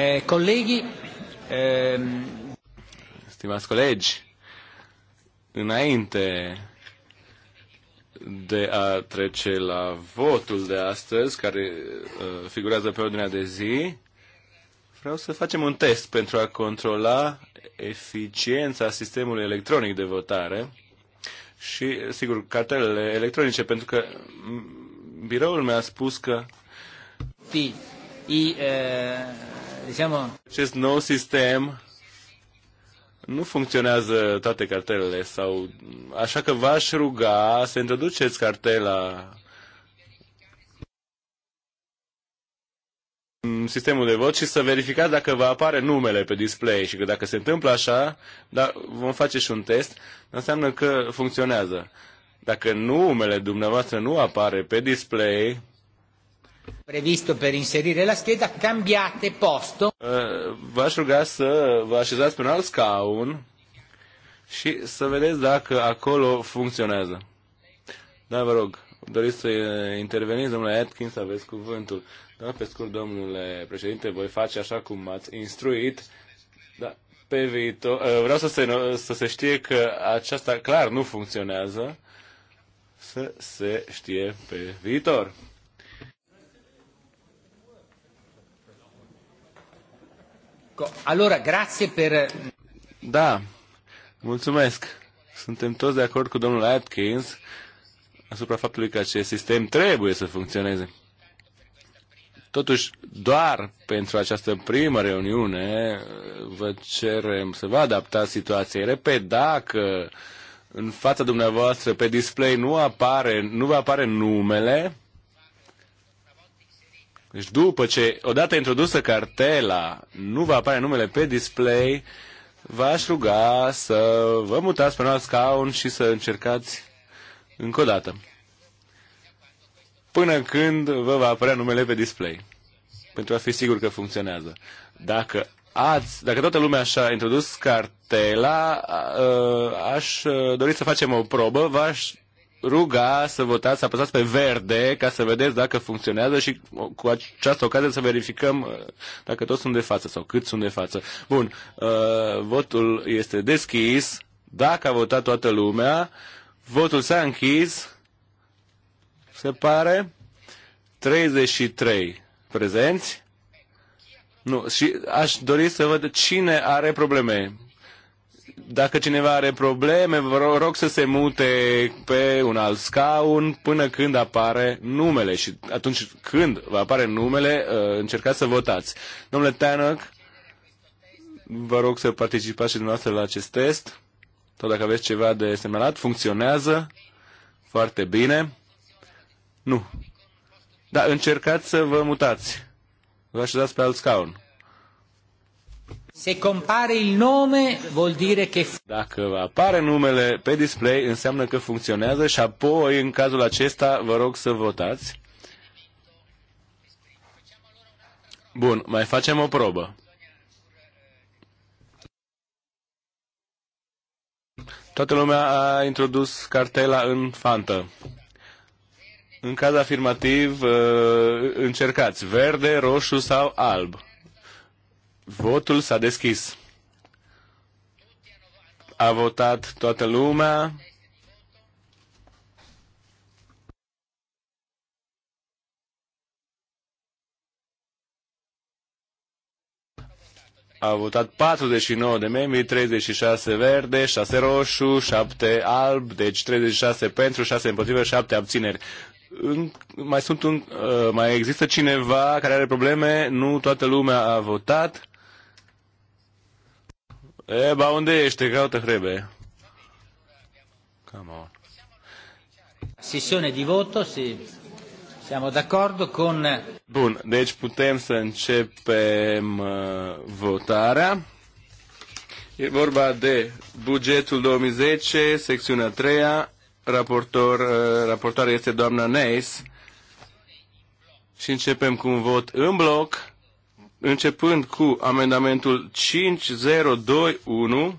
Eh, colleghi, ehm, stimați colegi, înainte de a trece la votul de astăzi, care uh, figurează pe ordinea de zi, vreau să facem un test pentru a controla eficiența sistemului electronic de votare și, sigur, cartelele electronice, pentru că biroul mi-a spus că... Fi, i, uh diciamo... Acest nou sistem nu funcționează toate cartelele sau așa că v-aș ruga să introduceți cartela în sistemul de vot și să verificați dacă vă apare numele pe display și că dacă se întâmplă așa, da, vom face și un test, înseamnă că funcționează. Dacă numele dumneavoastră nu apare pe display, previsto per inserire la scheda, cambiate posto. Eh, V-aș ruga să vă așezați pe un alt scaun și să vedeți dacă acolo funcționează. Da, vă rog, doriți să interveniți, domnule Atkins, aveți cuvântul. Da, pe scurt, domnule președinte, voi face așa cum m-ați instruit. Da, pe viitor, eh, vreau să se, să se știe că aceasta clar nu funcționează, să se știe pe viitor. Allora, grazie per... Da, mulțumesc. Suntem toți de acord cu domnul Atkins asupra faptului că acest sistem trebuie să funcționeze. Totuși, doar pentru această primă reuniune uh, vă cerem să vă adaptați situației. Repet, dacă în fața dumneavoastră pe display nu apare, nu vă apare numele, deci după ce, odată introdusă cartela, nu va apare numele pe display, v-aș ruga să vă mutați pe un alt scaun și să încercați încă o dată. Până când vă va apărea numele pe display. Pentru a fi sigur că funcționează. Dacă ați, dacă toată lumea așa a introdus cartela, aș dori să facem o probă. V-aș ruga să votați, să apăsați pe verde ca să vedeți dacă funcționează și cu această ocazie să verificăm uh, dacă toți sunt de față sau cât sunt de față. Bun, uh, votul este deschis. Dacă a votat toată lumea, votul s-a închis. Se pare 33 prezenți. Nu, și aș dori să văd cine are probleme dacă cineva are probleme, vă rog să se mute pe un alt scaun până când apare numele și atunci când va apare numele, uh, încercați să votați. Domnule Tanăc, vă rog să participați și dumneavoastră la acest test. Tot dacă aveți ceva de semnalat, funcționează foarte bine. Nu. Da, încercați să vă mutați. Vă așezați pe alt scaun. Se compare il nome, vuol dire che... Dacă apare numele pe display, înseamnă că funcționează și apoi, în cazul acesta, vă rog să votați. Bun, mai facem o probă. Toată lumea a introdus cartela în fantă. În caz afirmativ, uh, încercați verde, roșu sau alb. Votul s-a deschis. A votat toată lumea. A votat 49 de membri, 36 verde, 6 roșu, 7 alb, deci 36 pentru, 6 împotrivă, 7 abțineri. În, mai, sunt un, uh, mai există cineva care are probleme? Nu toată lumea a votat. E, unde ești? Caută hrebe. Come on. Sesiune de vot, se siamo d'accordo con... Bun, deci putem să începem uh, votarea. E vorba de bugetul 2010, secțiunea 3 -a, raportor, uh, este doamna Neis. Și începem cu un vot în bloc începând cu amendamentul 5021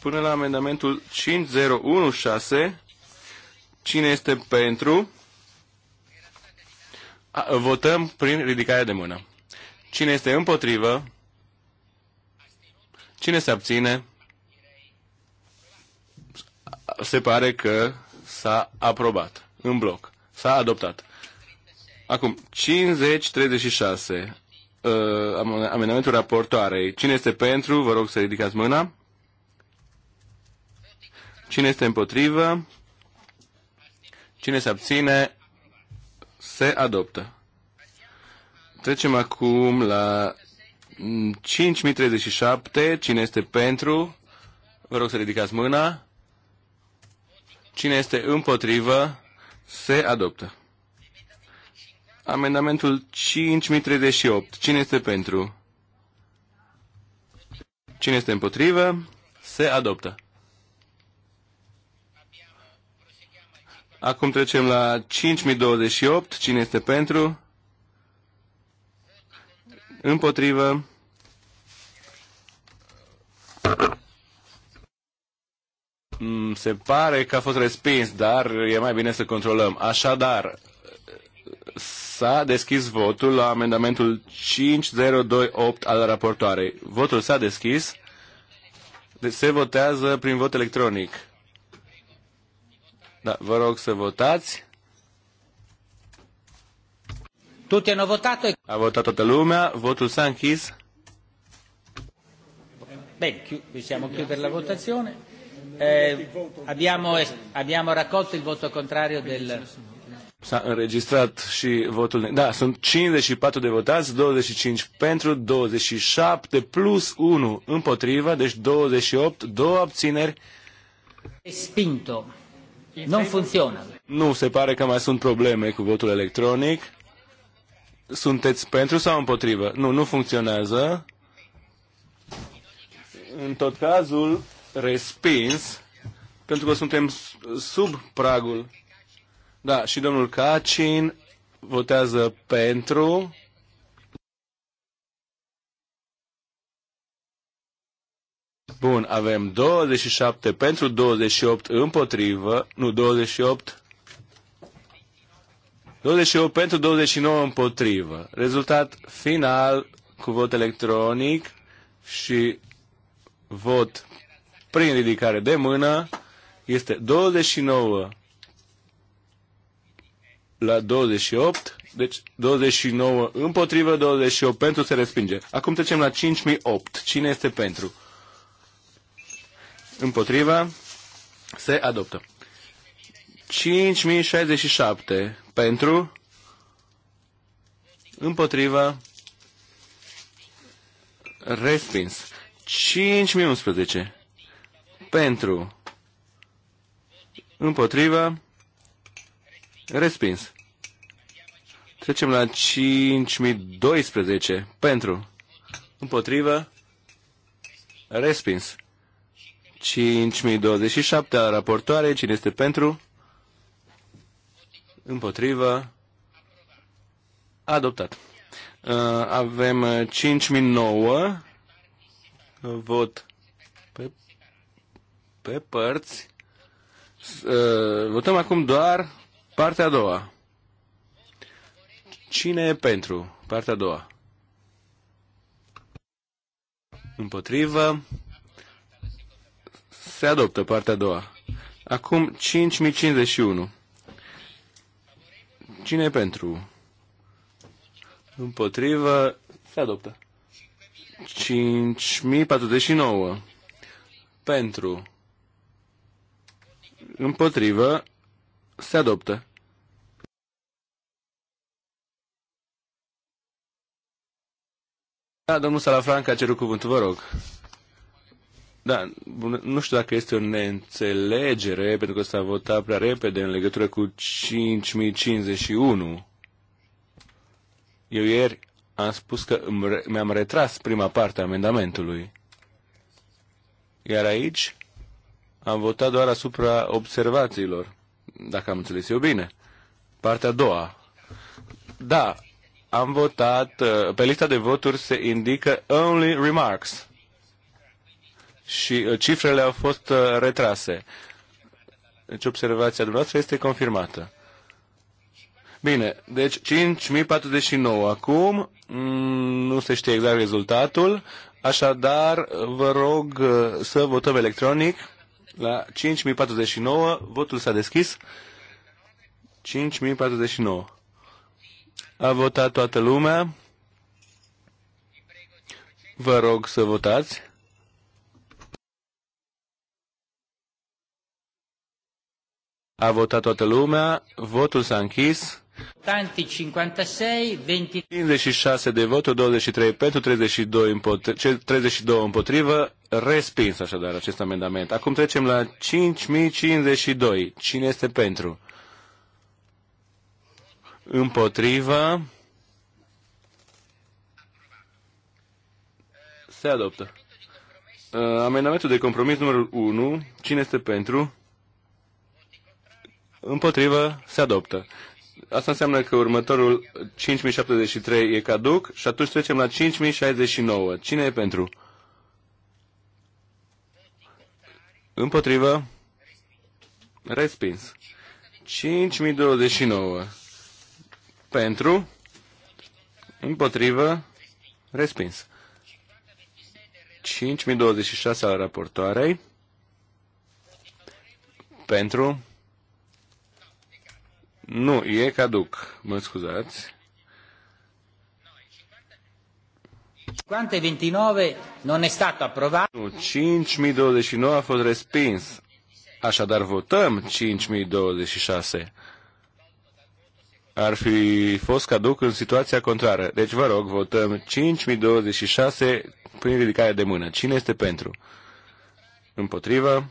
până la amendamentul 5016. Cine este pentru? A, votăm prin ridicarea de mână. Cine este împotrivă? Cine se abține? Se pare că s-a aprobat în bloc. S-a adoptat. Acum, 50-36. Uh, amendamentul raportoarei. Cine este pentru? Vă rog să ridicați mâna. Cine este împotrivă? Cine se abține? Se adoptă. Trecem acum la 5037. Cine este pentru? Vă rog să ridicați mâna. Cine este împotrivă? Se adoptă. Amendamentul 5038. Cine este pentru? Cine este împotrivă? Se adoptă. Acum trecem la 5028. Cine este pentru? Împotrivă. Mm, se pare că a fost respins, dar e mai bine să controlăm. Așadar, S-a deschis votul la amendamentul 5028 al raportoarei. Votul s-a deschis. Deci se votează prin vot electronic. Da, vă rog să votați. Tutti hanno votato. A votat toată lumea, votul s-a închis. siamo qui per la votazione. Eh, abbiamo, abbiamo raccolto il voto contrario del... S-a înregistrat și votul. Da, sunt 54 de votați, 25 pentru, 27 plus 1 împotriva, deci 28, două abțineri. Respinto. Nu funcționează. Nu, se pare că mai sunt probleme cu votul electronic. Sunteți pentru sau împotrivă? Nu, nu funcționează. În tot cazul, respins, pentru că suntem sub pragul da, și domnul Cacin votează pentru. Bun, avem 27 pentru, 28 împotrivă, nu, 28 28 pentru, 29 împotrivă. Rezultat final cu vot electronic și vot prin ridicare de mână este 29 la 28, deci 29 împotrivă, 28 pentru, se respinge. Acum trecem la 5008. Cine este pentru? Împotriva, se adoptă. 5067 pentru, împotriva, respins. 5011 pentru, împotriva, Respins. Trecem la 5012. Pentru. Împotrivă. Respins. 5027 a raportoare. Cine este pentru? Împotrivă. Adoptat. Uh, avem 5009. Vot pe, pe părți. Uh, votăm acum doar Partea a doua. Cine e pentru? Partea a doua. Împotrivă. Se adoptă partea a doua. Acum 5051. Cine e pentru? Împotrivă. Se adoptă. 5049. Pentru. Împotrivă. Se adoptă. Da, domnul Salafranca a cerut cuvântul, vă rog. Da, nu știu dacă este o neînțelegere, pentru că s-a votat prea repede în legătură cu 5051. Eu ieri am spus că mi-am retras prima parte a amendamentului. Iar aici am votat doar asupra observațiilor, dacă am înțeles eu bine. Partea a doua. Da, am votat, uh, pe lista de voturi se indică only remarks și uh, cifrele au fost uh, retrase. Deci observația dumneavoastră este confirmată. Bine, deci 5049 acum, mm, nu se știe exact rezultatul, așadar vă rog să votăm electronic la 5049, votul s-a deschis, 5049. A votat toată lumea. Vă rog să votați. A votat toată lumea, votul s-a închis. 56, 20... 56 de voturi, 23 pentru, 32 împotri... 32 împotrivă, respins așadar acest amendament. Acum trecem la 5052. Cine este pentru? Împotrivă. Se adoptă. Uh, amendamentul de compromis numărul 1. Cine este pentru? Împotrivă. Se adoptă. Asta înseamnă că următorul 5073 e caduc și atunci trecem la 5069. Cine e pentru? Împotrivă. Respins. 5029 pentru, împotrivă, respins. 5026 al raportoarei, pentru, nu, e caduc, mă scuzați. 5029 non è stato approvato. 5029 a fost respins. Așadar votăm 5026 ar fi fost caduc în situația contrară. Deci vă rog, votăm 5026 prin ridicare de mână. Cine este pentru? Împotrivă?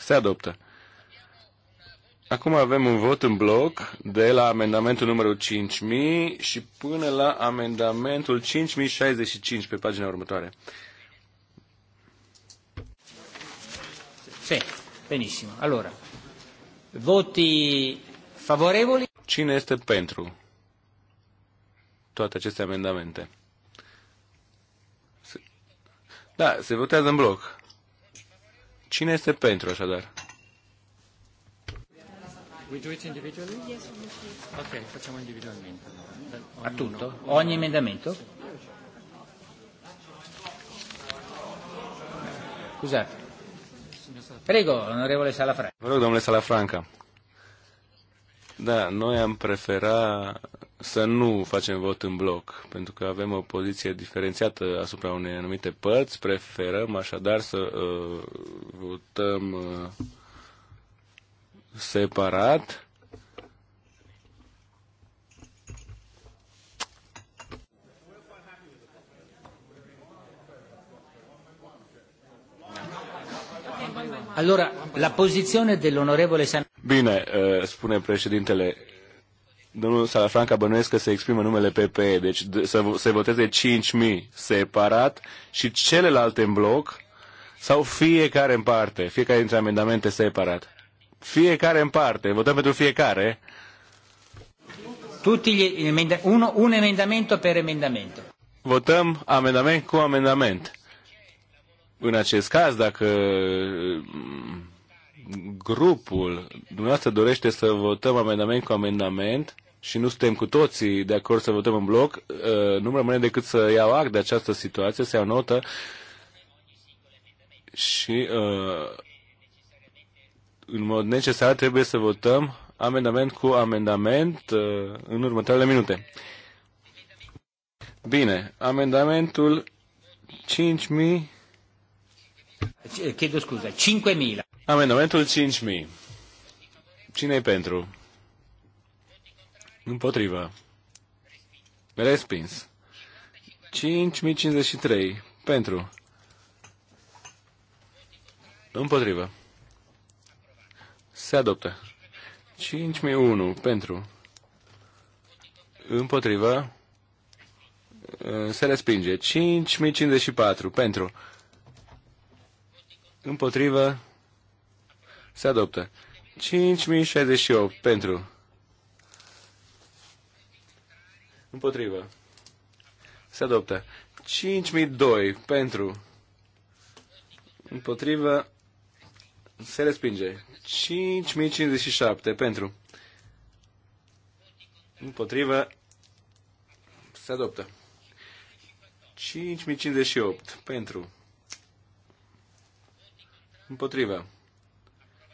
Se adoptă. Acum avem un vot în bloc de la amendamentul numărul 5000 și până la amendamentul 5065 pe pagina următoare. Sì, benissimo. Allora, voti favorevoli? Cine este pentru toate aceste amendamente? Da, se votează în bloc. Cine este pentru, așadar? We do it individually? Yes, Ok, facciamo individualmente. A tutto? Ogni emendamento? Scusate. Prego, onorevole Salafranca. Vă rog, domnule Salafranca. Da, noi am prefera să nu facem vot în bloc, pentru că avem o poziție diferențiată asupra unei anumite părți. Preferăm așadar să uh, votăm uh, separat Allora, la posizione dell'onorevole San... Bine, eh, spune președintele, domnul Salafranca bănuiesc că se exprimă numele PPE, deci să se voteze 5.000 separat și celelalte în bloc sau fiecare în parte, fiecare dintre amendamente separat. Fiecare în parte, votăm pentru fiecare. Tutti gli emenda- un, un emendamento per emendamento. Votăm amendament cu amendament în acest caz, dacă mm, grupul dumneavoastră dorește să votăm amendament cu amendament și nu suntem cu toții de acord să votăm în bloc, uh, nu rămâne decât să iau act de această situație, să iau notă și uh, în mod necesar trebuie să votăm amendament cu amendament uh, în următoarele minute. Bine, amendamentul 5000 Eh, chiedo scuza, 5.000. Amendamentul 5.000. cine e pentru? Împotrivă. Respins. 5.053. Pentru. Împotrivă. Se adoptă. 5.001. Pentru. Împotrivă. Eh, se respinge. 5.054. Pentru. Împotrivă. Se adoptă. 5068 pentru. Împotrivă. Se adoptă. 5002 pentru. Împotrivă. Se respinge. 5057 pentru. Împotrivă. Se adoptă. 5058 pentru. Împotrivă.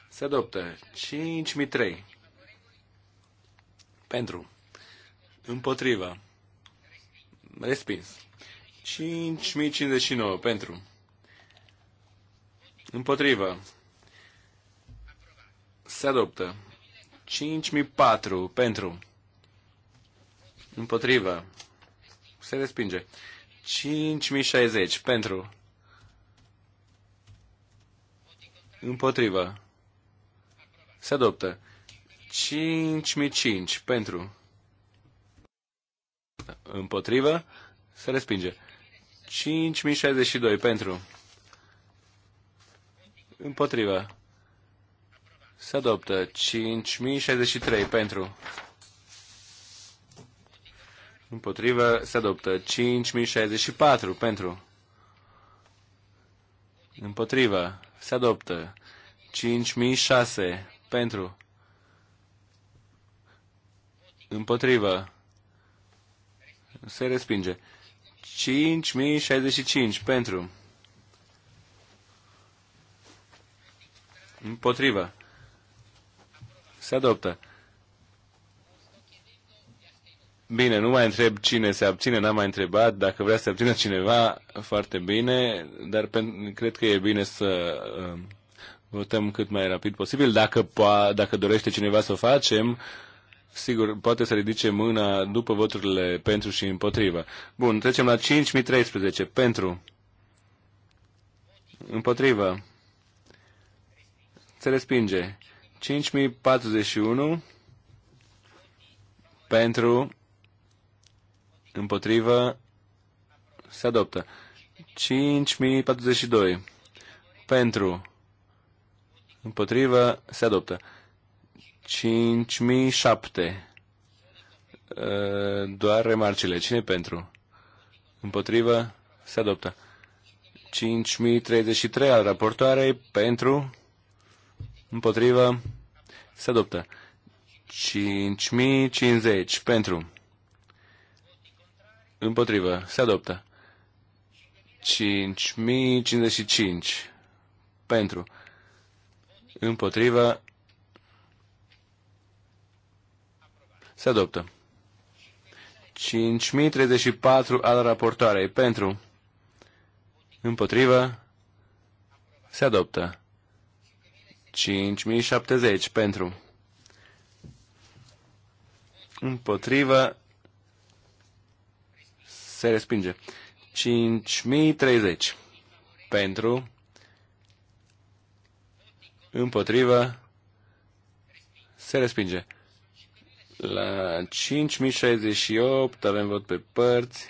Se adoptă. 5003. Pentru. Împotrivă. Respins. 5059. Pentru. Împotrivă. Se adoptă. 5004. Pentru. Împotrivă. Se respinge. 5060. Pentru. Împotrivă. Se adoptă. 5005 pentru. Împotrivă. Se respinge. 5062 pentru. Împotrivă. Se adoptă. 5063 pentru. Împotrivă. Se adoptă. 5064 pentru. Împotrivă se adoptă. 5006 pentru, împotrivă, se respinge. 5065 pentru, împotrivă, se adoptă. Bine, nu mai întreb cine se abține, n-am mai întrebat. Dacă vrea să se abțină cineva, foarte bine, dar pe, cred că e bine să uh, votăm cât mai rapid posibil. Dacă, po- dacă dorește cineva să o facem, sigur, poate să ridice mâna după voturile pentru și împotriva. Bun, trecem la 5013. Pentru. Împotriva. Se respinge. 5041 pentru Împotrivă. Se adoptă. 5042. Pentru. Împotrivă. Se adoptă. 5007. Ă, doar remarcile. Cine pentru? Împotrivă. Se adoptă. 5033 al raportoarei. Pentru. Împotrivă. Se adoptă. 5050 pentru. Împotrivă. Se adoptă. 5055. Pentru. Împotrivă. Se adoptă. 5034 al raportoarei. Pentru. Împotrivă. Se adoptă. 5070 pentru. Împotrivă se respinge. 5030 pentru, împotrivă, se respinge. La 5068 avem vot pe părți.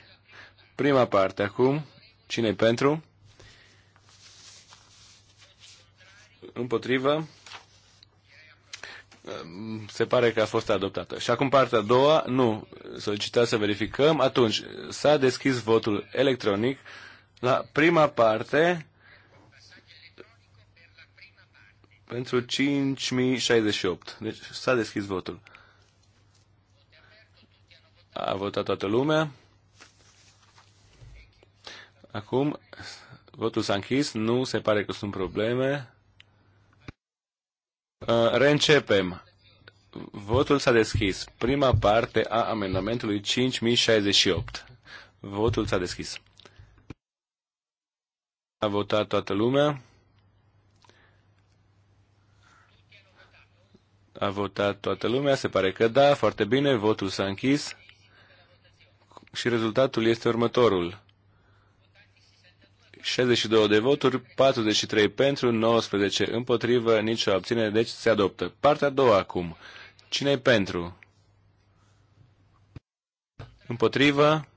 Prima parte acum, cine pentru? Împotrivă se pare că a fost adoptată. Și acum partea a doua, nu, solicita să verificăm. Atunci, s-a deschis votul electronic la prima parte pentru 5068. Deci s-a deschis votul. A votat toată lumea. Acum, votul s-a închis, nu se pare că sunt probleme. Uh, reîncepem. Votul s-a deschis. Prima parte a amendamentului 5068. Votul s-a deschis. A votat toată lumea. A votat toată lumea, se pare că da, foarte bine, votul s-a închis și rezultatul este următorul. 62 de voturi, 43 pentru, 19 împotrivă, nicio abținere, deci se adoptă. Partea a doua acum. cine e pentru? Împotrivă,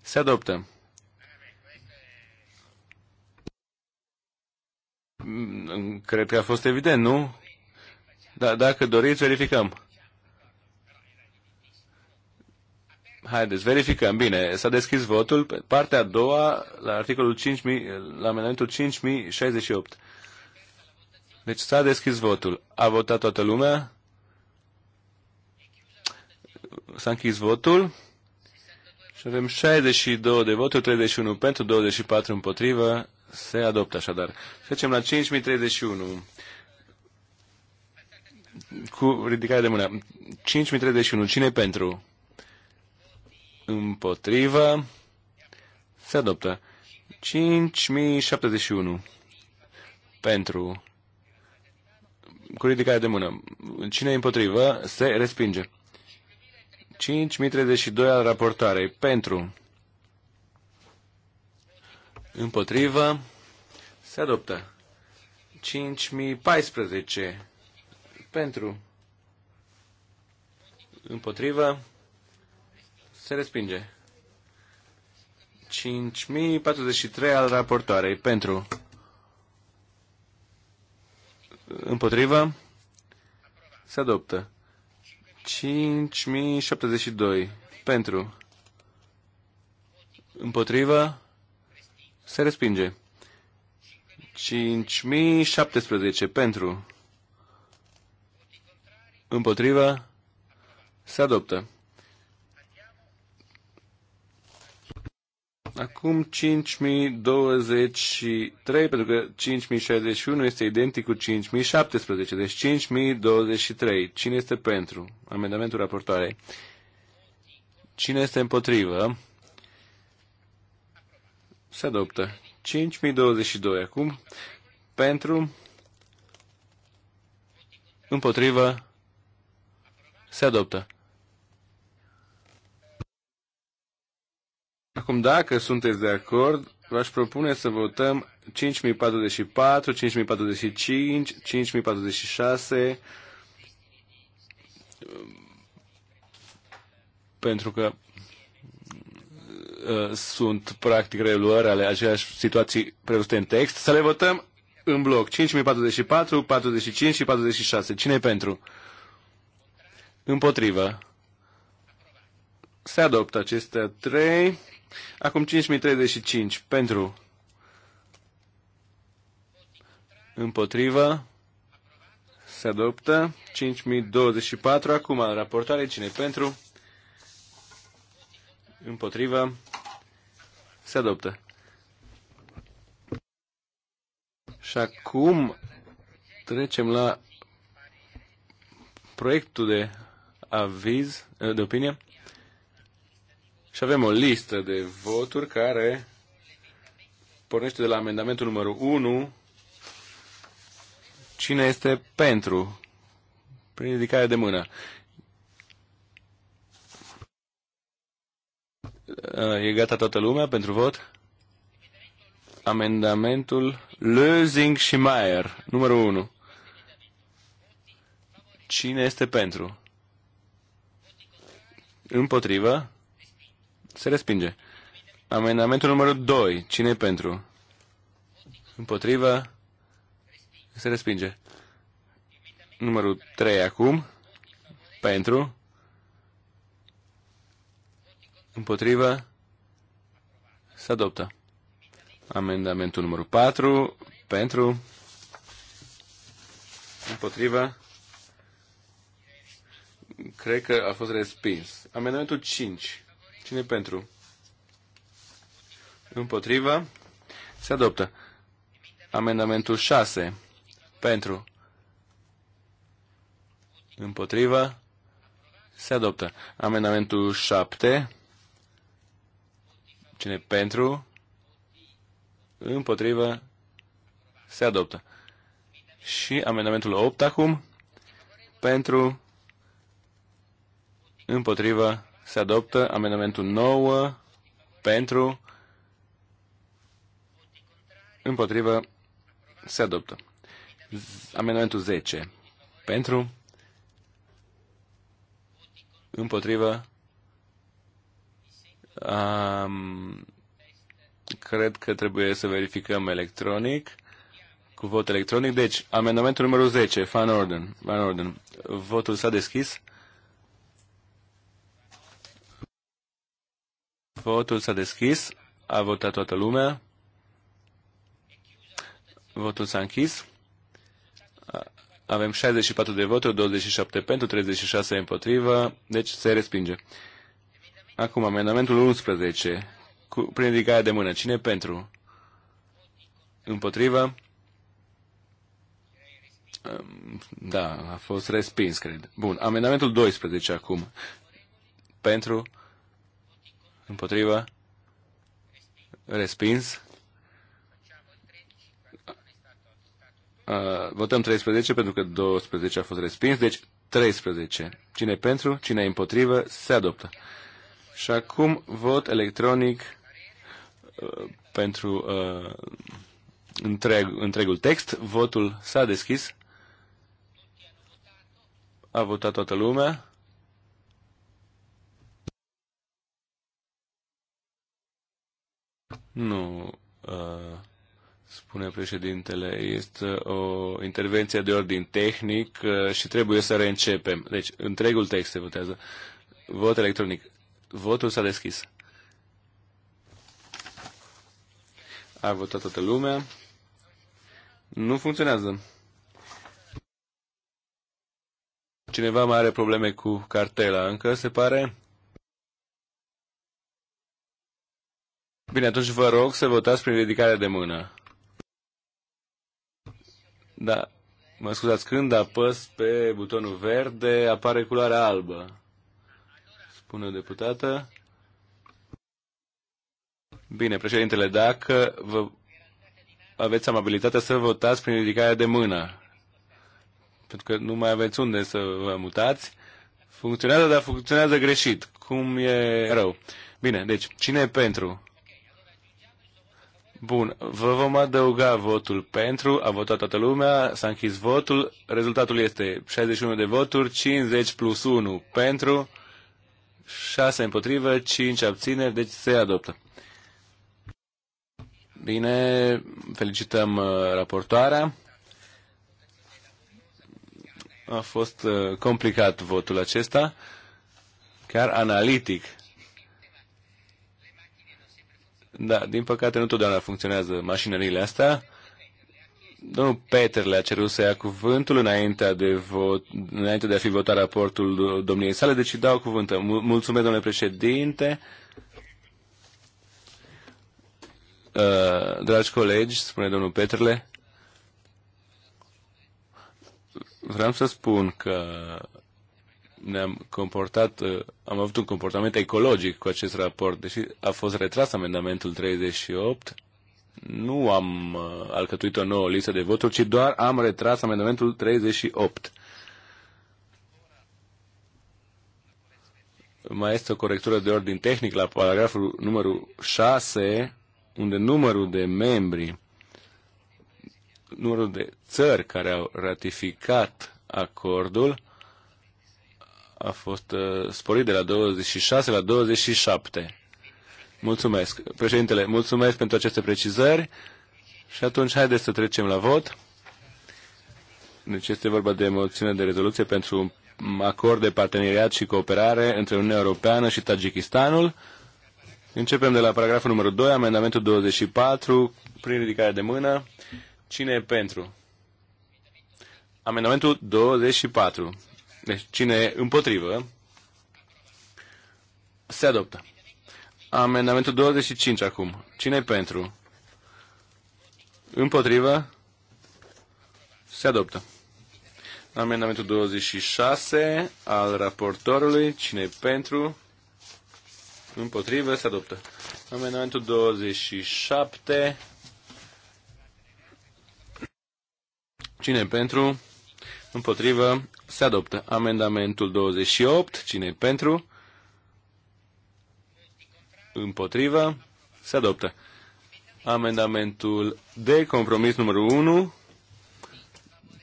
se adoptă. Mm, cred că a fost evident, nu? Da, dacă doriți, verificăm. Haideți, verificăm. Bine, s-a deschis votul. partea a doua, la articolul 5000, la amendamentul 5068. Deci s-a deschis votul. A votat toată lumea? S-a închis votul. Și avem 62 de voturi, 31 pentru, 24 împotrivă. Se adoptă așadar. Trecem la 5031. Cu ridicare de mână. 5031. Cine pentru? Împotrivă. Se adoptă. 5071. Pentru. Cu ridicare de mână. Cine e împotrivă, se respinge. 5032 al raportarei. Pentru. Împotrivă. Se adoptă. 5014. Pentru. Împotrivă. Se respinge. 5043 al raportoarei. Pentru. Împotrivă. Se adoptă. 5072. Pentru. Împotrivă. Se respinge. 5017. Pentru. Împotrivă. Se adoptă. Acum 5023, pentru că 5061 este identic cu 5017, deci 5023. Cine este pentru amendamentul raportoare? Cine este împotrivă? Se adoptă. 5022 acum. Pentru. Împotrivă. Se adoptă. Acum, dacă sunteți de acord, v-aș propune să votăm 5044, 5045, 5046, pentru că uh, sunt practic reluări ale aceleași situații prevăzute în text. Să le votăm în bloc 5044, 45 și 46. Cine e pentru? Împotrivă. Se adoptă acestea trei. Acum 5035 pentru împotriva se adoptă 5024 acum raportare cine pentru împotriva se adoptă. Și acum trecem la proiectul de aviz, de opinie, și avem o listă de voturi care pornește de la amendamentul numărul 1. Cine este pentru? Prin ridicare de mână. Uh, e gata toată lumea pentru vot? Amendamentul Lösing și Mayer, numărul 1. Cine este pentru? Împotrivă? Se respinge. Amendamentul numărul 2. cine pentru? Împotrivă? Se respinge. Numărul 3 acum. Pentru? Împotrivă? Se adoptă. Amendamentul numărul 4. Pentru? Împotrivă? Cred că a fost respins. Amendamentul 5. Cine pentru? Împotrivă? Se adoptă. Amendamentul 6. Pentru. Împotrivă? Se adoptă. Amendamentul 7. Cine pentru? Împotrivă? Se adoptă. Și amendamentul 8 acum. Pentru? Împotrivă? Se adoptă amendamentul 9 pentru împotrivă se adoptă. Amendamentul 10 pentru împotrivă um, cred că trebuie să verificăm electronic cu vot electronic. Deci, amendamentul numărul 10, Van Orden. Van Orden. Votul s-a deschis. Votul s-a deschis. A votat toată lumea. Votul s-a închis. Avem 64 de voturi, 27 pentru, 36 împotrivă, deci se respinge. Acum, amendamentul 11, cu, prin ridicarea de mână. Cine pentru? Împotrivă? Da, a fost respins, cred. Bun, amendamentul 12 acum. Pentru? Împotriva? Respins. Uh, votăm 13 pentru că 12 a fost respins, deci 13. Cine pentru, cine împotrivă, se adoptă. Și acum vot electronic uh, pentru uh, întreg, întregul text. Votul s-a deschis. A votat toată lumea. Nu, uh, spune președintele, este o intervenție de ordin tehnic uh, și trebuie să reîncepem. Deci, întregul text se votează. Vot electronic. Votul s-a deschis. A votat toată lumea. Nu funcționează. Cineva mai are probleme cu cartela încă, se pare? Bine, atunci vă rog să votați prin ridicare de mână. Da, mă scuzați, când apăs pe butonul verde, apare culoarea albă. Spune deputată. Bine, președintele, dacă vă aveți amabilitatea să votați prin ridicarea de mână, pentru că nu mai aveți unde să vă mutați, funcționează, dar funcționează greșit, cum e rău. Bine, deci, cine e pentru? Bun, vă vom adăuga votul pentru, a votat toată lumea, s-a închis votul, rezultatul este 61 de voturi, 50 plus 1 pentru, 6 împotrivă, 5 abțineri, deci se adoptă. Bine, felicităm uh, raportoarea. A fost uh, complicat votul acesta, chiar analitic. Da, din păcate nu totdeauna funcționează mașinările astea. Domnul Peter le-a cerut să ia cuvântul înainte de, vot, înainte de a fi votat raportul domniei sale, deci dau cuvântul. Mulțumesc, domnule președinte. Uh, dragi colegi, spune domnul Petrele, vreau să spun că ne-am comportat, uh, am avut un comportament ecologic cu acest raport. Deși a fost retras amendamentul 38, nu am uh, alcătuit o nouă listă de voturi, ci doar am retras amendamentul 38. Mai este o corectură de ordin tehnic la paragraful numărul 6, unde numărul de membri, numărul de țări care au ratificat acordul, a fost uh, sporit de la 26 la 27. Mulțumesc. Președintele, mulțumesc pentru aceste precizări și atunci haideți să trecem la vot. Deci este vorba de moțiune de rezoluție pentru un acord de parteneriat și cooperare între Uniunea Europeană și Tajikistanul. Începem de la paragraful numărul 2, amendamentul 24, prin ridicare de mână. Cine e pentru? Amendamentul 24. Deci cine e împotrivă, se adoptă. Amendamentul 25 acum. cine e pentru? Împotrivă, se adoptă. Amendamentul 26 al raportorului. cine e pentru? Împotrivă, se adoptă. Amendamentul 27. Cine pentru? Împotrivă. Se adoptă. Amendamentul 28. Cine e pentru? Împotrivă. Se adoptă. Amendamentul de compromis numărul 1.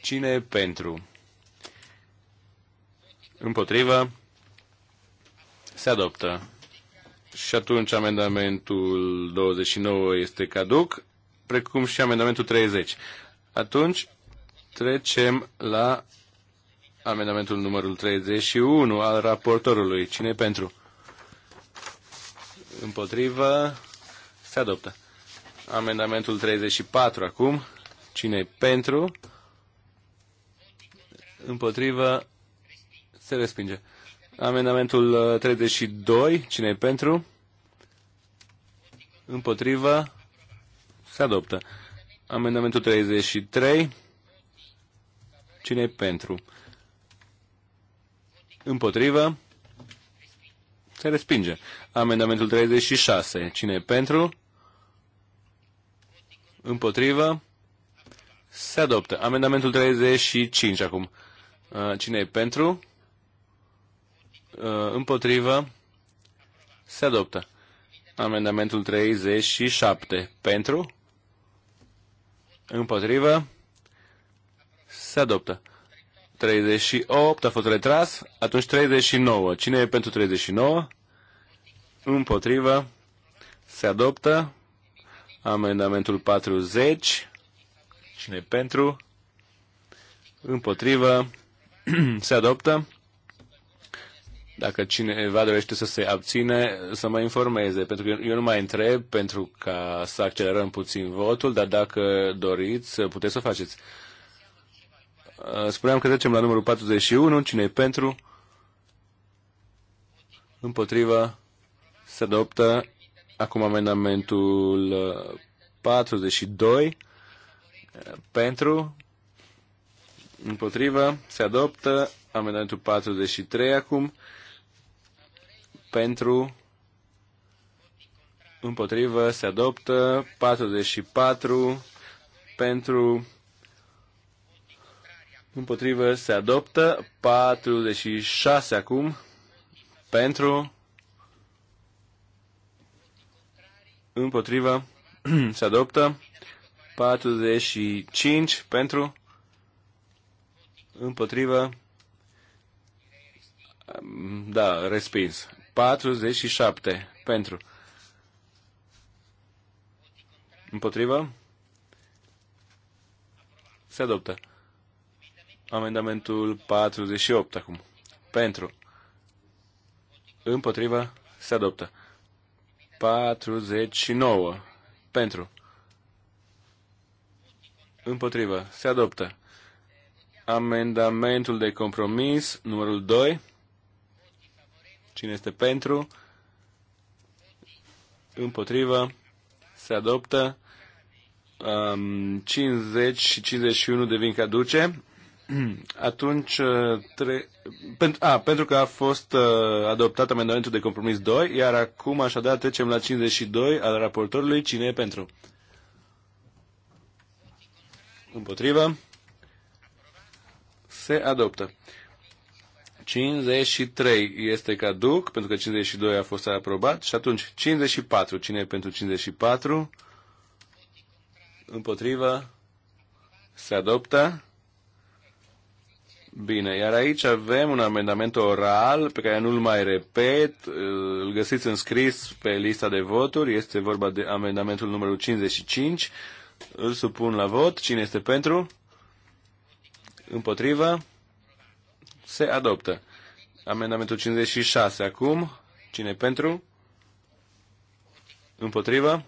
Cine e pentru? Împotrivă? Se adoptă. Și atunci amendamentul 29 este caduc, precum și amendamentul 30. Atunci, Trecem la amendamentul numărul 31 al raportorului. Cine pentru? Împotrivă. Se adoptă. Amendamentul 34 acum. Cine pentru? Împotrivă. Se respinge. Amendamentul 32. Cine e pentru? Împotrivă. Se adoptă. Amendamentul 33. Cine e pentru? Împotrivă? Se respinge. Amendamentul 36. Cine e pentru? Împotrivă? Se adoptă. Amendamentul 35 acum. Uh, cine e pentru? Uh, împotrivă? Se adoptă. Amendamentul 37. Pentru? Împotrivă? Se adoptă. 38 a fost retras, atunci 39. Cine e pentru 39? Împotrivă. Se adoptă. Amendamentul 40. Cine e pentru? Împotrivă. se adoptă. Dacă cineva dorește să se abține, să mă informeze, pentru că eu nu mai întreb pentru ca să accelerăm puțin votul, dar dacă doriți, puteți să faceți. Uh, spuneam că trecem la numărul 41. cine e pentru? Împotriva? Se adoptă. Acum amendamentul 42. Uh, pentru? Împotriva? Se adoptă. Amendamentul 43 acum. Pentru? Împotrivă se adoptă 44 pentru Împotrivă se adoptă. 46 acum. Da, pentru. Împotrivă se adoptă. 45 pentru. Împotrivă. Da, respins. 47 pentru. Împotrivă? Se adoptă. Amendamentul 48 acum. Pentru. Împotriva. Se adoptă. 49. Pentru. Împotriva. Se adoptă. Amendamentul de compromis numărul 2. Cine este pentru? Împotriva. Se adoptă. Um, 50 și 51 devin caduce. Atunci, uh, tre... pentru, a, pentru că a fost uh, adoptat amendamentul de compromis 2, iar acum așadar trecem la 52 al raportorului. Cine e pentru? Împotrivă? Se adoptă. 53 este caduc, pentru că 52 a fost aprobat. Și atunci, 54. Cine e pentru 54? Împotrivă? Se adoptă. Bine, iar aici avem un amendament oral pe care nu-l mai repet, îl găsiți înscris pe lista de voturi, este vorba de amendamentul numărul 55, îl supun la vot, cine este pentru? Împotrivă? Se adoptă. Amendamentul 56 acum, cine pentru? Împotrivă?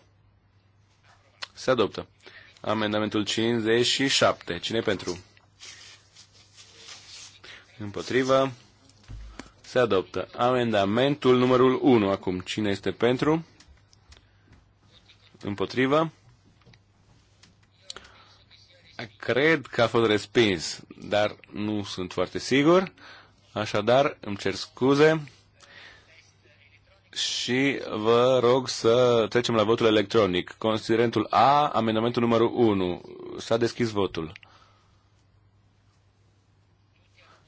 Se adoptă. Amendamentul 57, cine pentru? Împotrivă. Se adoptă. Amendamentul numărul 1 acum. Cine este pentru? Împotrivă. Cred că a fost respins, dar nu sunt foarte sigur. Așadar, îmi cer scuze și vă rog să trecem la votul electronic. Considerentul A, amendamentul numărul 1. S-a deschis votul.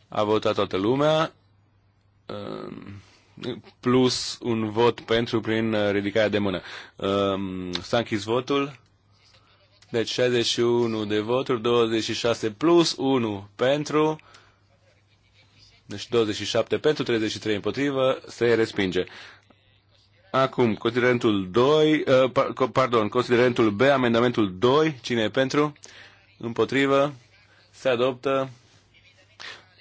A votat toată lumea, uh, plus un vot pentru prin ridicarea de mână. Um, s-a închis votul. Deci 61 de voturi, 26 plus 1 pentru, deci 27 pentru, 33 împotrivă, se respinge. Acum, considerentul 2, uh, pardon, considerentul B, amendamentul 2, cine e pentru? Împotrivă, se adoptă.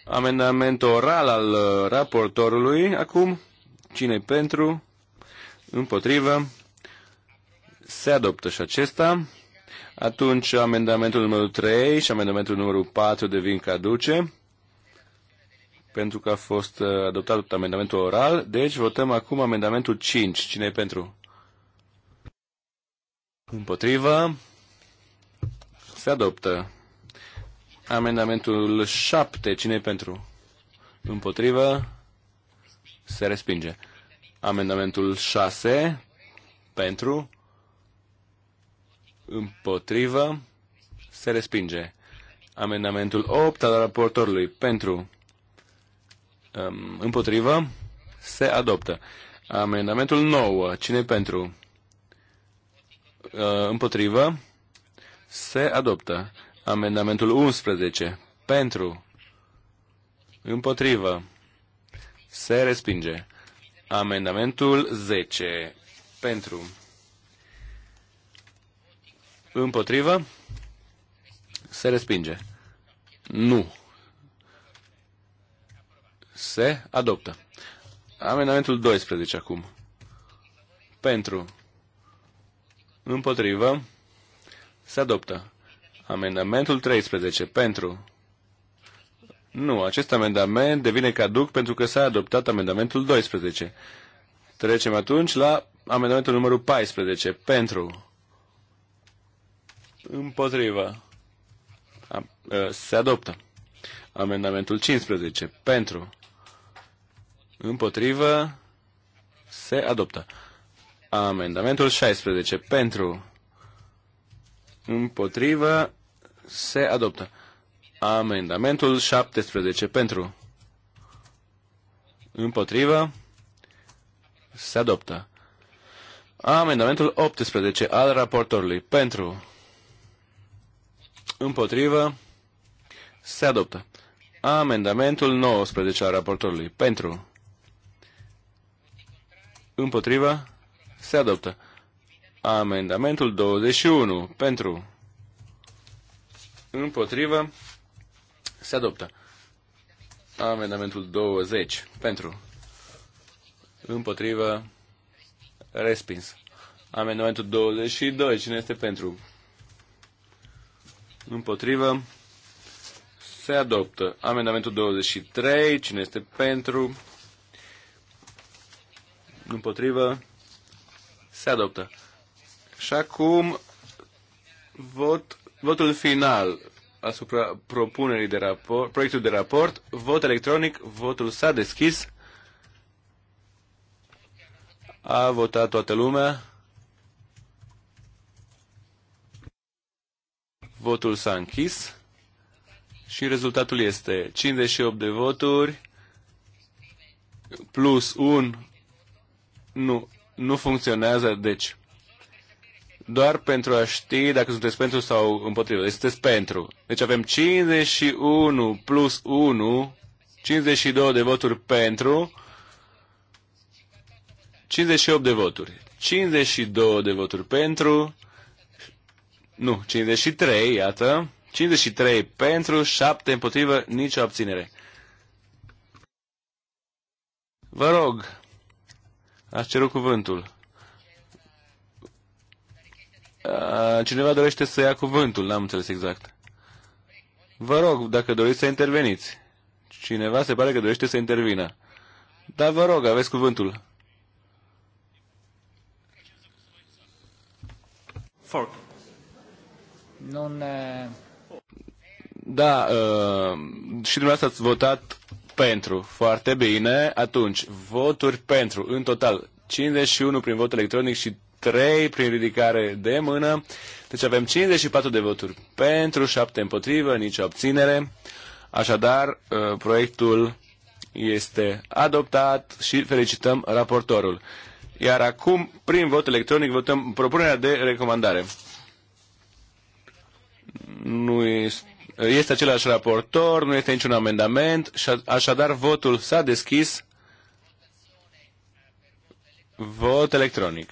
Amendament oral al uh, raportorului. Acum, cine pentru? Împotrivă? Se adoptă și acesta. Atunci, amendamentul numărul 3 și amendamentul numărul 4 devin caduce pentru că a fost uh, adoptat amendamentul oral. Deci votăm acum amendamentul 5. Cine e pentru? Împotrivă. Se adoptă. Amendamentul 7. cine e pentru? Împotrivă? Se respinge. Amendamentul 6. Pentru? Împotrivă? Se respinge. Amendamentul 8 al raportorului. Pentru? Um, împotrivă? Se adoptă. Amendamentul 9. cine e pentru? Uh, împotrivă? Se adoptă. Amendamentul 11. Pentru. Împotrivă. Se respinge. Amendamentul 10. Pentru. Împotrivă. Se respinge. Nu. Se adoptă. Amendamentul 12 acum. Pentru. Împotrivă. Se adoptă. Amendamentul 13 pentru. Nu, acest amendament devine caduc pentru că s-a adoptat amendamentul 12. Trecem atunci la amendamentul numărul 14 pentru. Împotriva. Ă, se adoptă. Amendamentul 15 pentru. Împotrivă. Se adoptă. Amendamentul 16 pentru. Împotrivă se adoptă. Amendamentul 17 pentru. Împotrivă. Se adoptă. Amendamentul 18 al raportorului pentru. Împotrivă. Se adoptă. Amendamentul 19 al raportorului pentru. Împotrivă. Se adoptă. Amendamentul 21 pentru împotrivă, se adoptă. Amendamentul 20 pentru, împotrivă, respins. Amendamentul 22, cine este pentru? Împotrivă, se adoptă. Amendamentul 23, cine este pentru? Împotrivă, se adoptă. Și acum vot Votul final asupra propunerii de raport, proiectul de raport, vot electronic, votul s-a deschis. A votat toată lumea. Votul s-a închis și rezultatul este 58 de voturi plus 1 nu, nu funcționează, deci doar pentru a ști dacă sunteți pentru sau împotrivă. Deci sunteți pentru. Deci avem 51 plus 1, 52 de voturi pentru, 58 de voturi. 52 de voturi pentru, nu, 53, iată, 53 pentru, 7 împotrivă, nicio abținere. Vă rog, ați cerut cuvântul. Uh, cineva dorește să ia cuvântul, n-am înțeles exact. Vă rog, dacă doriți să interveniți. Cineva se pare că dorește să intervină. Da, vă rog, aveți cuvântul. Fork. Non, e... Eh, da, uh, și dumneavoastră ați votat pentru. Foarte bine. Atunci, voturi pentru. În total, 51 prin vot electronic și 3 prin ridicare de mână. Deci avem 54 de voturi pentru, 7 împotrivă, nicio obținere. Așadar, uh, proiectul este adoptat și felicităm raportorul. Iar acum, prin vot electronic, votăm propunerea de recomandare. Nu este, este același raportor, nu este niciun amendament, așadar votul s-a deschis. Vot electronic.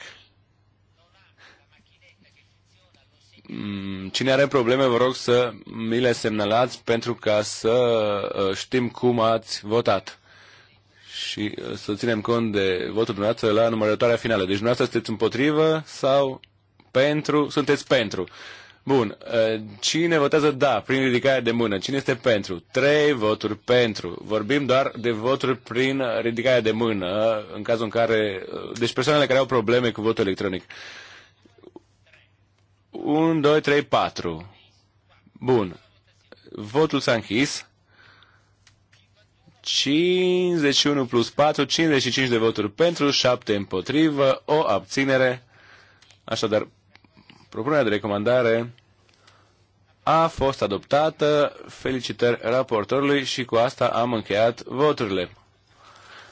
Mm, cine are probleme, vă rog să mi le semnalați pentru ca să uh, știm cum ați votat și uh, să ținem cont de votul dumneavoastră la numărătoarea finală. Deci dumneavoastră sunteți împotrivă sau pentru? Sunteți pentru. Bun. Uh, cine votează da prin ridicare de mână? Cine este pentru? Trei voturi pentru. Vorbim doar de voturi prin ridicare de mână, în cazul în care... Deci persoanele care au probleme cu votul electronic. 1, 2, 3, 4. Bun. Votul s-a închis. 51 plus 4, 55 de voturi pentru, 7 împotrivă, o abținere. Așadar, propunerea de recomandare a fost adoptată. Felicitări raportorului și cu asta am încheiat voturile.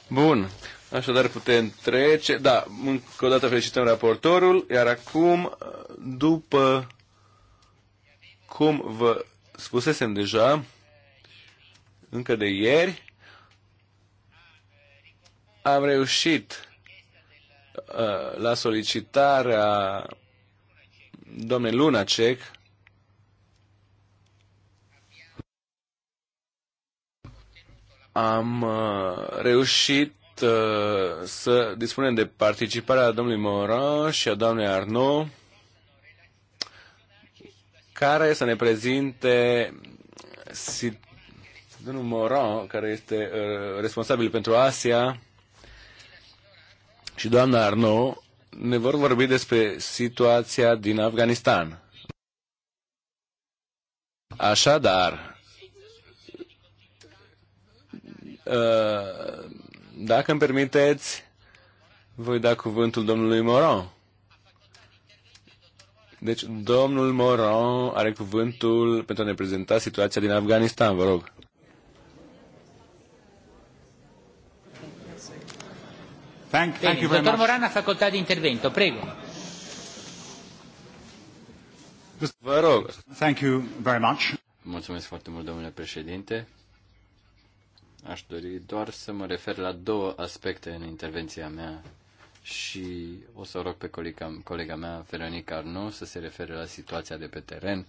Bun. Așadar putem trece. Da, încă o dată felicităm raportorul, iar acum, după cum vă spusesem deja, încă de ieri, am reușit uh, la solicitarea domnului Lunacek am uh, reușit Uh, să dispunem de participarea domnului Moran și a doamnei Arnaud, care să ne prezinte domnul Moran, care este uh, responsabil pentru Asia, și doamna Arnaud ne vor vorbi despre situația din Afganistan. Așadar, uh, dacă îmi permiteți, voi da cuvântul domnului Moron. Deci, domnul Moron are cuvântul pentru a ne prezenta situația din Afganistan, vă rog. Thank, thank you very much. Dottor Moran a facoltà di intervento, prego. Vă rog. Thank you very much. Mulțumesc foarte mult, domnule președinte. Aș dori doar să mă refer la două aspecte în intervenția mea și o să rog pe colega, colega mea, Veronica Arno, să se refere la situația de pe teren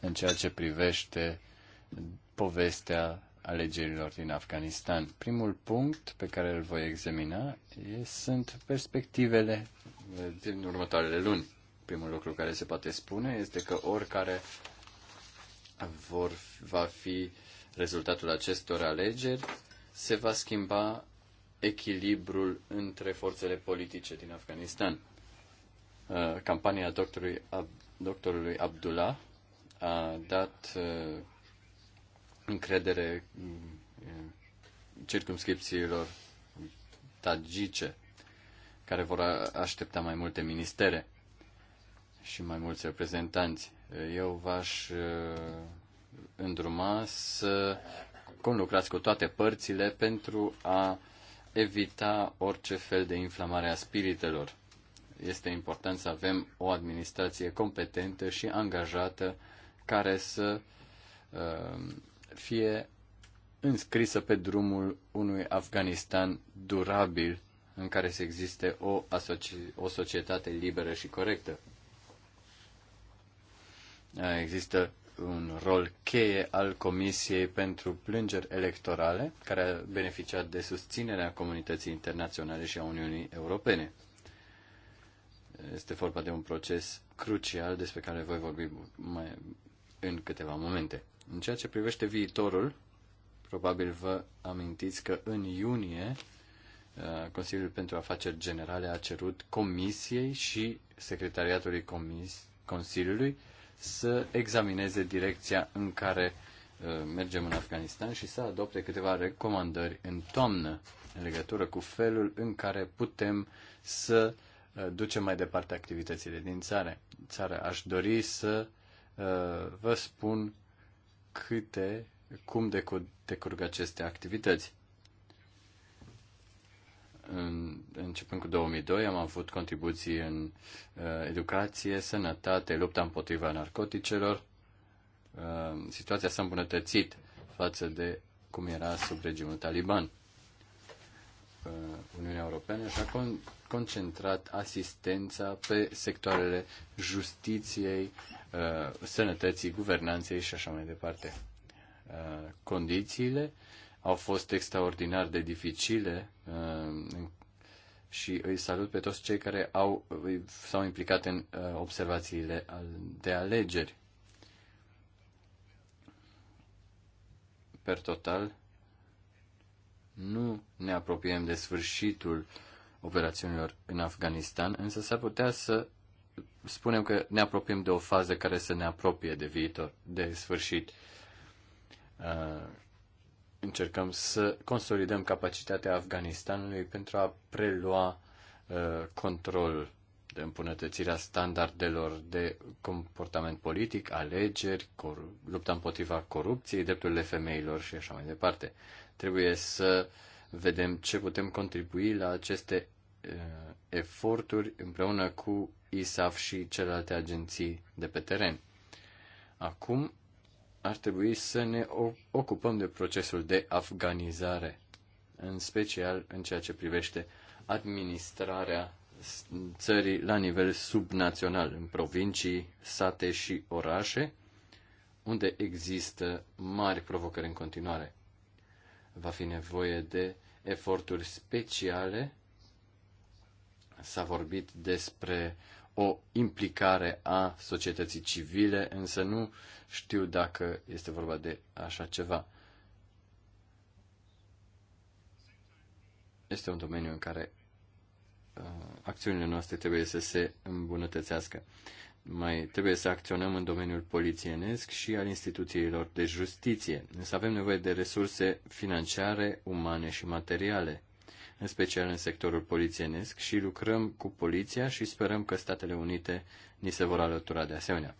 în ceea ce privește povestea alegerilor din Afganistan. Primul punct pe care îl voi examina e, sunt perspectivele eh, din următoarele luni. Primul lucru care se poate spune este că oricare vor, va fi rezultatul acestor alegeri se va schimba echilibrul între forțele politice din Afganistan. Uh, campania doctorului, doctorului Abdullah a dat uh, încredere uh, circumscripțiilor tagice, care vor aștepta mai multe ministere și mai mulți reprezentanți. Eu v-aș îndruma să conlucrați cu toate părțile pentru a evita orice fel de inflamare a spiritelor. Este important să avem o administrație competentă și angajată care să uh, fie înscrisă pe drumul unui Afganistan durabil în care să existe o, asoci- o societate liberă și corectă. Există un rol cheie al Comisiei pentru Plângeri Electorale, care a beneficiat de susținerea comunității internaționale și a Uniunii Europene. Este vorba de un proces crucial despre care voi vorbi mai în câteva momente. În ceea ce privește viitorul, probabil vă amintiți că în iunie uh, Consiliul pentru Afaceri Generale a cerut Comisiei și Secretariatului Comis- Consiliului să examineze direcția în care uh, mergem în Afganistan și să adopte câteva recomandări în toamnă în legătură cu felul în care putem să uh, ducem mai departe activitățile din țară. țară. Aș dori să uh, vă spun câte, cum decurg aceste activități începând cu 2002, am avut contribuții în uh, educație, sănătate, lupta împotriva narcoticelor. Uh, situația s-a îmbunătățit față de cum era sub regimul taliban. Uh, Uniunea Europeană și-a con- concentrat asistența pe sectoarele justiției, sănătății, guvernanței și așa mai departe. Condițiile au fost extraordinar de dificile uh, și îi salut pe toți cei care au, s-au implicat în uh, observațiile de alegeri. Per total, nu ne apropiem de sfârșitul operațiunilor în Afganistan, însă s-ar putea să spunem că ne apropiem de o fază care să ne apropie de viitor, de sfârșit. Uh, încercăm să consolidăm capacitatea Afganistanului pentru a prelua uh, de îmbunătățirea standardelor de comportament politic, alegeri, coru- lupta împotriva corupției, drepturile femeilor și așa mai departe. Trebuie să vedem ce putem contribui la aceste uh, eforturi împreună cu ISAF și celelalte agenții de pe teren. Acum ar trebui să ne ocupăm de procesul de afganizare, în special în ceea ce privește administrarea țării la nivel subnațional, în provincii, sate și orașe, unde există mari provocări în continuare. Va fi nevoie de eforturi speciale. S-a vorbit despre o implicare a societății civile, însă nu știu dacă este vorba de așa ceva. Este un domeniu în care uh, acțiunile noastre trebuie să se îmbunătățească. Mai trebuie să acționăm în domeniul polițienesc și al instituțiilor de justiție, însă avem nevoie de resurse financiare, umane și materiale în special în sectorul polițienesc, și lucrăm cu poliția și sperăm că Statele Unite ni se vor alătura de asemenea.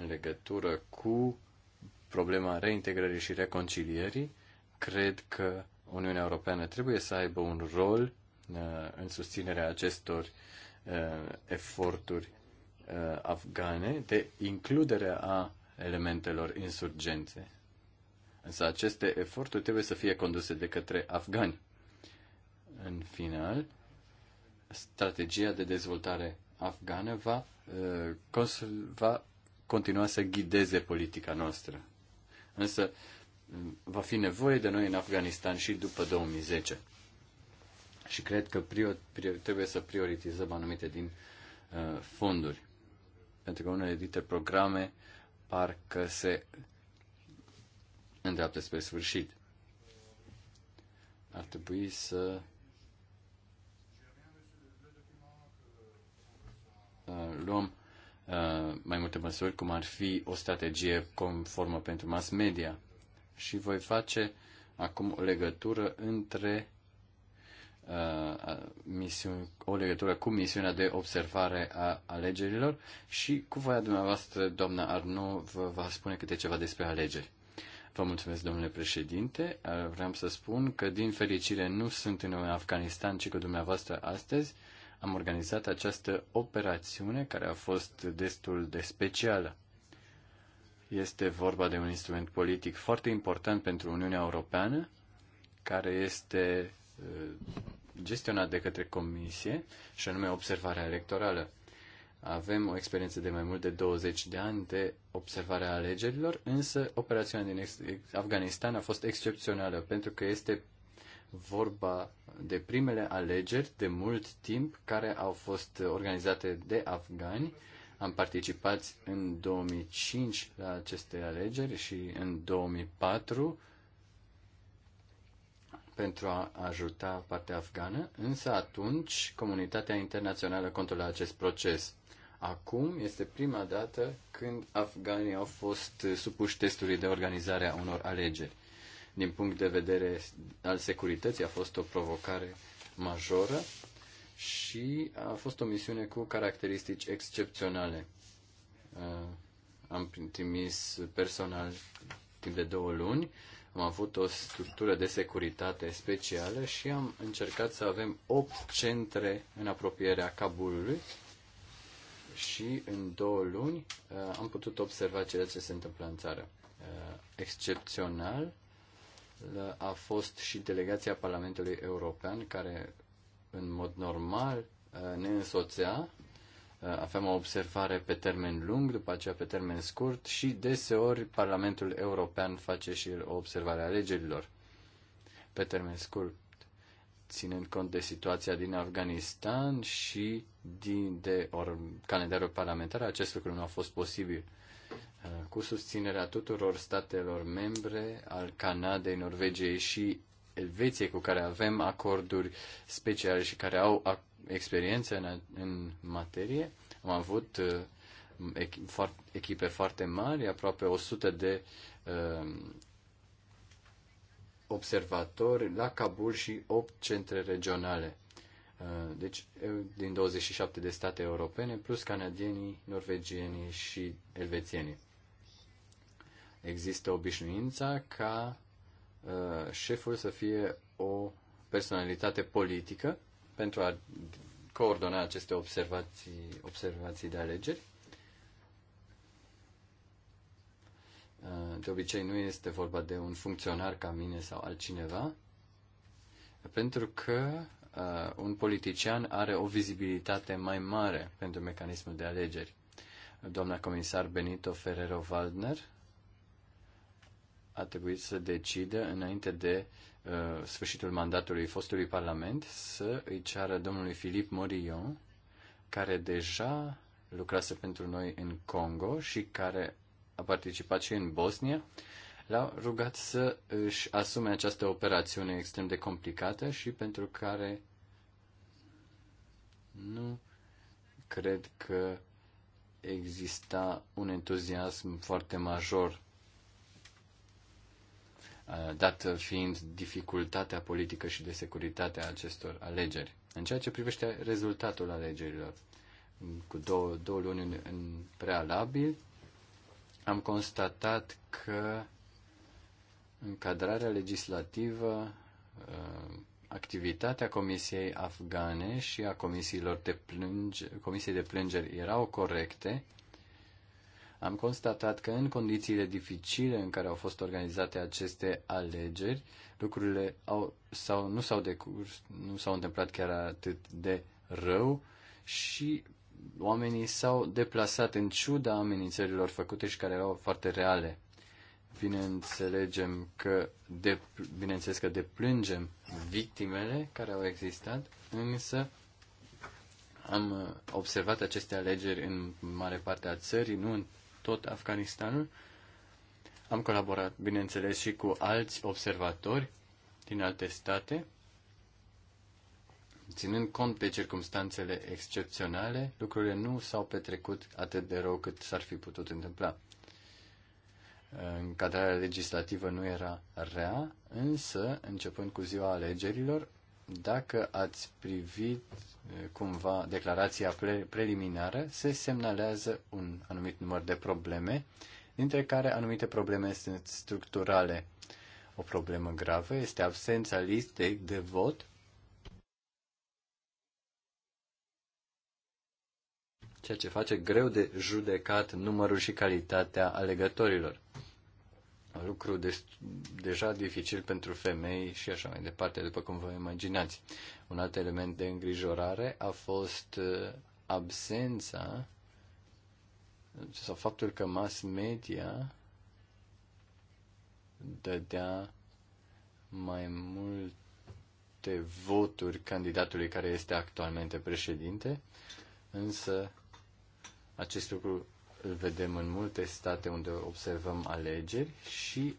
În legătură cu problema reintegrării și reconcilierii, cred că Uniunea Europeană trebuie să aibă un rol uh, în susținerea acestor uh, eforturi uh, afgane de includere a elementelor insurgențe. Însă aceste eforturi trebuie să fie conduse de către afgani. În final, strategia de dezvoltare afgană va, uh, va continua să ghideze politica noastră. Însă uh, va fi nevoie de noi în Afganistan și după 2010. Și cred că prior, prior, trebuie să prioritizăm anumite din uh, fonduri. Pentru că unele dintre programe parcă se îndreaptă spre sfârșit. Ar trebui să Uh, luăm uh, mai multe măsuri, cum ar fi o strategie conformă pentru mass media. Și voi face acum o legătură între uh, misiuni, o legătură cu misiunea de observare a alegerilor și cu voia dumneavoastră, doamna Arno, vă va spune câte ceva despre alegeri. Vă mulțumesc, domnule președinte. Vreau să spun că, din fericire, nu sunt în Afganistan, ci cu dumneavoastră astăzi am organizat această operațiune care a fost destul de specială. Este vorba de un instrument politic foarte important pentru Uniunea Europeană, care este uh, gestionat de către Comisie, și anume observarea electorală. Avem o experiență de mai mult de 20 de ani de observare a alegerilor, însă operațiunea din Afganistan a fost excepțională pentru că este vorba de primele alegeri de mult timp care au fost organizate de afgani. Am participat în 2005 la aceste alegeri și în 2004 pentru a ajuta partea afgană, însă atunci comunitatea internațională controla acest proces. Acum este prima dată când afganii au fost supuși testului de organizare a unor alegeri din punct de vedere al securității a fost o provocare majoră și a fost o misiune cu caracteristici excepționale. Uh, am trimis personal timp de două luni, am avut o structură de securitate specială și am încercat să avem opt centre în apropierea Kabulului și în două luni uh, am putut observa ceea ce se întâmplă în țară. Uh, excepțional, a fost și delegația Parlamentului European, care în mod normal uh, ne însoțea. Uh, aveam o observare pe termen lung, după aceea pe termen scurt și deseori Parlamentul European face și el o observare a alegerilor pe termen scurt, ținând cont de situația din Afganistan și din, de or, calendarul parlamentar, acest lucru nu a fost posibil. Uh, cu susținerea tuturor statelor membre al Canadei, Norvegiei și Elveției, cu care avem acorduri speciale și care au experiență în, în materie. Am avut uh, echipe foarte mari, aproape 100 de uh, observatori la Kabul și 8 centre regionale. Deci, din 27 de state europene, plus canadienii, norvegienii și elvețienii. Există obișnuința ca uh, șeful să fie o personalitate politică pentru a coordona aceste observații, observații de alegeri. Uh, de obicei nu este vorba de un funcționar ca mine sau altcineva, pentru că uh, un politician are o vizibilitate mai mare pentru mecanismul de alegeri. Doamna comisar Benito Ferrero-Waldner a trebuit să decidă înainte de uh, sfârșitul mandatului fostului Parlament să îi ceară domnului Filip Morion, care deja lucrase pentru noi în Congo și care a participat și în Bosnia, l-au rugat să își asume această operațiune extrem de complicată și pentru care nu cred că exista un entuziasm foarte major Uh, dat fiind dificultatea politică și de securitate a acestor alegeri. În ceea ce privește rezultatul alegerilor, cu două, două luni în, în prealabil, am constatat că încadrarea legislativă, uh, activitatea Comisiei Afgane și a comisiilor de plânge, Comisiei de Plângeri erau corecte am constatat că în condițiile dificile în care au fost organizate aceste alegeri, lucrurile au, sau, nu, s-au decurs, nu s-au întâmplat chiar atât de rău și oamenii s-au deplasat în ciuda amenințărilor făcute și care erau foarte reale. Bineînțelegem că de, bineînțeles că deplângem victimele care au existat, însă am observat aceste alegeri în mare parte a țării, nu în tot Afganistanul. Am colaborat, bineînțeles, și cu alți observatori din alte state, ținând cont de circumstanțele excepționale, lucrurile nu s-au petrecut atât de rău cât s-ar fi putut întâmpla. Încadrarea legislativă nu era rea, însă, începând cu ziua alegerilor, dacă ați privit cumva declarația pre- preliminară, se semnalează un anumit număr de probleme, dintre care anumite probleme sunt structurale. O problemă gravă este absența listei de vot ceea ce face greu de judecat numărul și calitatea alegătorilor lucru de, deja dificil pentru femei și așa mai departe, după cum vă imaginați. Un alt element de îngrijorare a fost uh, absența sau faptul că mass media dădea mai multe voturi candidatului care este actualmente președinte, însă acest lucru îl vedem în multe state unde observăm alegeri și,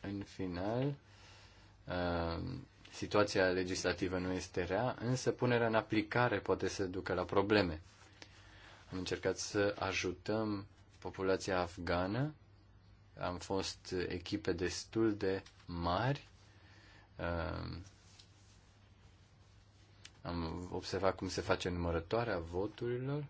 în final, uh, situația legislativă nu este rea, însă punerea în aplicare poate să ducă la probleme. Am încercat să ajutăm populația afgană, am fost echipe destul de mari, uh, am observat cum se face numărătoarea voturilor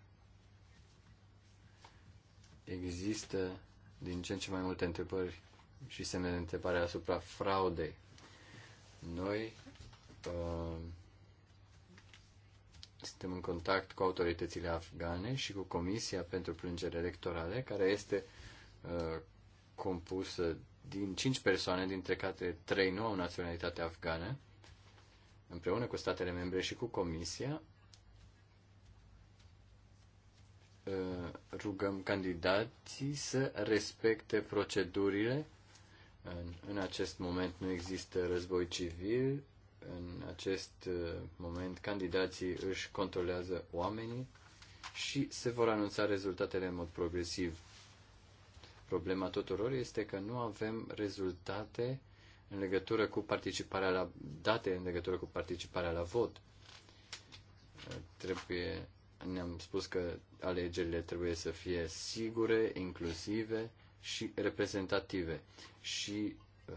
există din ce în ce mai multe întrebări și semne de întrebare asupra fraudei. Noi uh, suntem în contact cu autoritățile afgane și cu Comisia pentru Plângeri Electorale, care este uh, compusă din cinci persoane, dintre care trei nu au naționalitate afgană, împreună cu statele membre și cu Comisia, Eh, rugăm candidații să respecte procedurile. În, acest moment nu există război civil, în acest eh, moment candidații își controlează oamenii și se vor anunța rezultatele în mod progresiv. Problema tuturor este că nu avem rezultate în legătură cu participarea la date în legătură cu participarea la vot. Eh, trebuie ne-am spus că alegerile trebuie să fie sigure, inclusive și reprezentative. Și uh,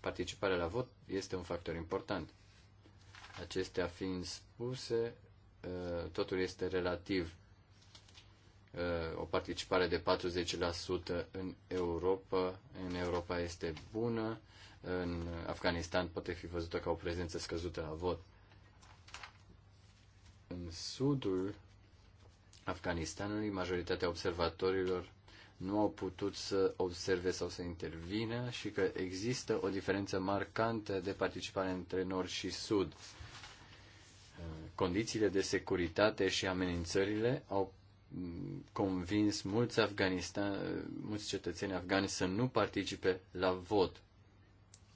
participarea la vot este un factor important. Acestea fiind spuse, uh, totul este relativ. Uh, o participare de 40% în Europa, în Europa este bună, în Afganistan poate fi văzută ca o prezență scăzută la vot. În sudul Afganistanului, majoritatea observatorilor nu au putut să observe sau să intervină și că există o diferență marcantă de participare între nord și sud. Condițiile de securitate și amenințările au convins mulți, Afganistan, mulți cetățeni afgani să nu participe la vot.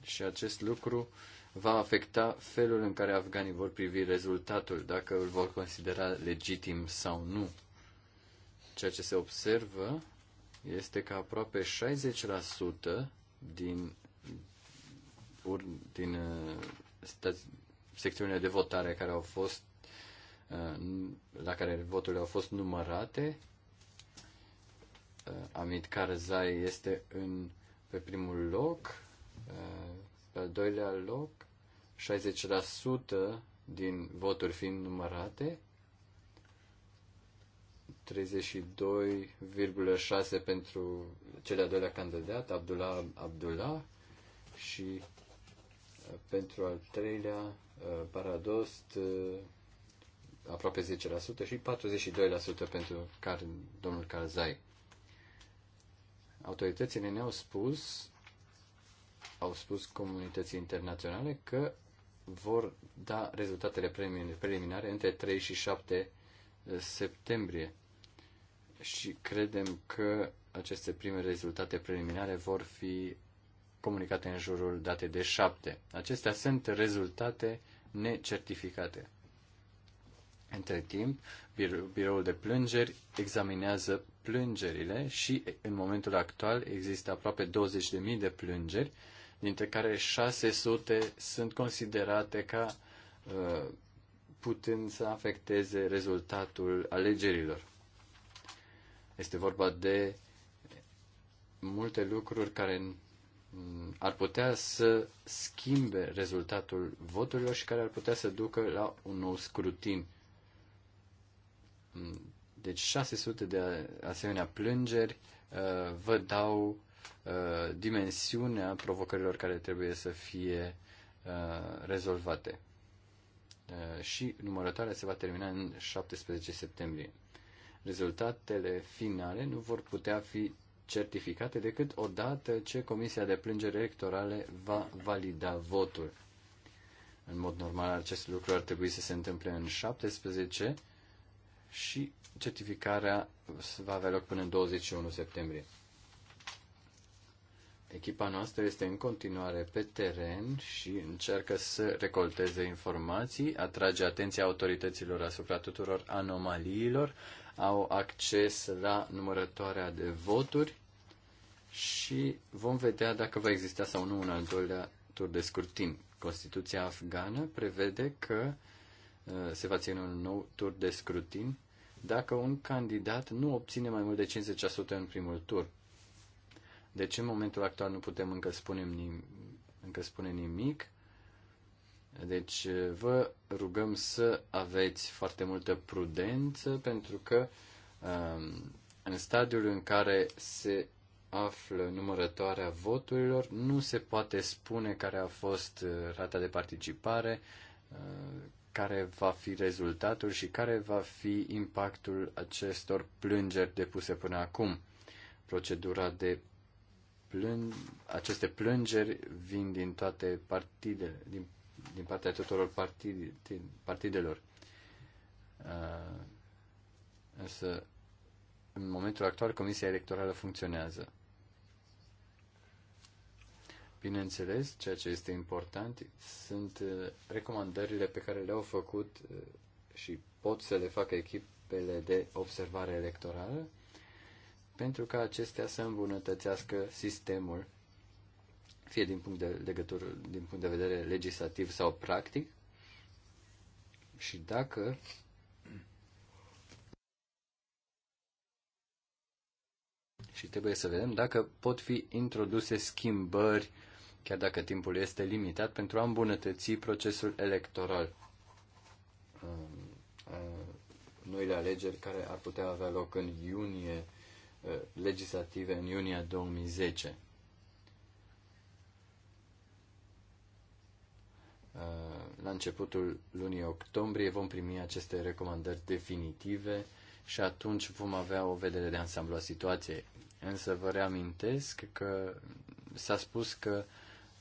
Și acest lucru va afecta felul în care afganii vor privi rezultatul, dacă îl vor considera legitim sau nu. Ceea ce se observă este că aproape 60% din, ur, din uh, secțiunile de votare care au fost uh, la care voturile au fost numărate. Uh, Amit Karzai este în, pe primul loc al doilea loc, 60% din voturi fiind numărate, 32,6 pentru cel de-al doilea candidat, Abdullah Abdullah, și uh, pentru al treilea, uh, Paradost, uh, aproape 10% și 42% pentru domnul Karzai. Autoritățile ne-au spus au spus comunității internaționale că vor da rezultatele preliminare între 3 și 7 eh, septembrie. Și credem că aceste prime rezultate preliminare vor fi comunicate în jurul datei de 7. Acestea sunt rezultate necertificate. Între timp, biroul de plângeri examinează plângerile și în momentul actual există aproape 20.000 de plângeri dintre care 600 sunt considerate ca uh, putând să afecteze rezultatul alegerilor. Este vorba de multe lucruri care ar putea să schimbe rezultatul voturilor și care ar putea să ducă la un nou scrutin. Deci 600 de asemenea plângeri uh, vă dau Uh, dimensiunea provocărilor care trebuie să fie uh, rezolvate. Uh, și numărătoarea se va termina în 17 septembrie. Rezultatele finale nu vor putea fi certificate decât odată ce Comisia de Plângeri Electorale va valida votul. În mod normal, acest lucru ar trebui să se întâmple în 17 și certificarea va avea loc până în 21 septembrie. Echipa noastră este în continuare pe teren și încearcă să recolteze informații, atrage atenția autorităților asupra tuturor anomaliilor, au acces la numărătoarea de voturi și vom vedea dacă va exista sau nu un al doilea tur de scrutin. Constituția afgană prevede că uh, se va ține un nou tur de scrutin dacă un candidat nu obține mai mult de 50% în primul tur. Deci în momentul actual nu putem încă spune, nimic, încă spune nimic. Deci eh, vă rugăm să aveți foarte multă prudență pentru că ehm, în stadiul în care se află numărătoarea voturilor, nu se poate spune care a fost eh, rata de participare, eh, care va fi rezultatul și care va fi impactul acestor plângeri depuse până acum. Procedura de plâng, aceste plângeri vin din toate partidele, din, din partea tuturor partid, din, partidelor. Uh, însă, în momentul actual, Comisia Electorală funcționează. Bineînțeles, ceea ce este important sunt uh, recomandările pe care le-au făcut uh, și pot să le facă echipele de observare electorală pentru ca acestea să îmbunătățească sistemul, fie din punct de legătură, din punct de vedere legislativ sau practic. Și dacă și trebuie să vedem dacă pot fi introduse schimbări, chiar dacă timpul este limitat, pentru a îmbunătăți procesul electoral. Noile alegeri care ar putea avea loc în iunie Uh, legislative în iunie 2010. Uh, la începutul lunii octombrie vom primi aceste recomandări definitive și atunci vom avea o vedere de ansamblu a situației. Însă vă reamintesc că s-a spus că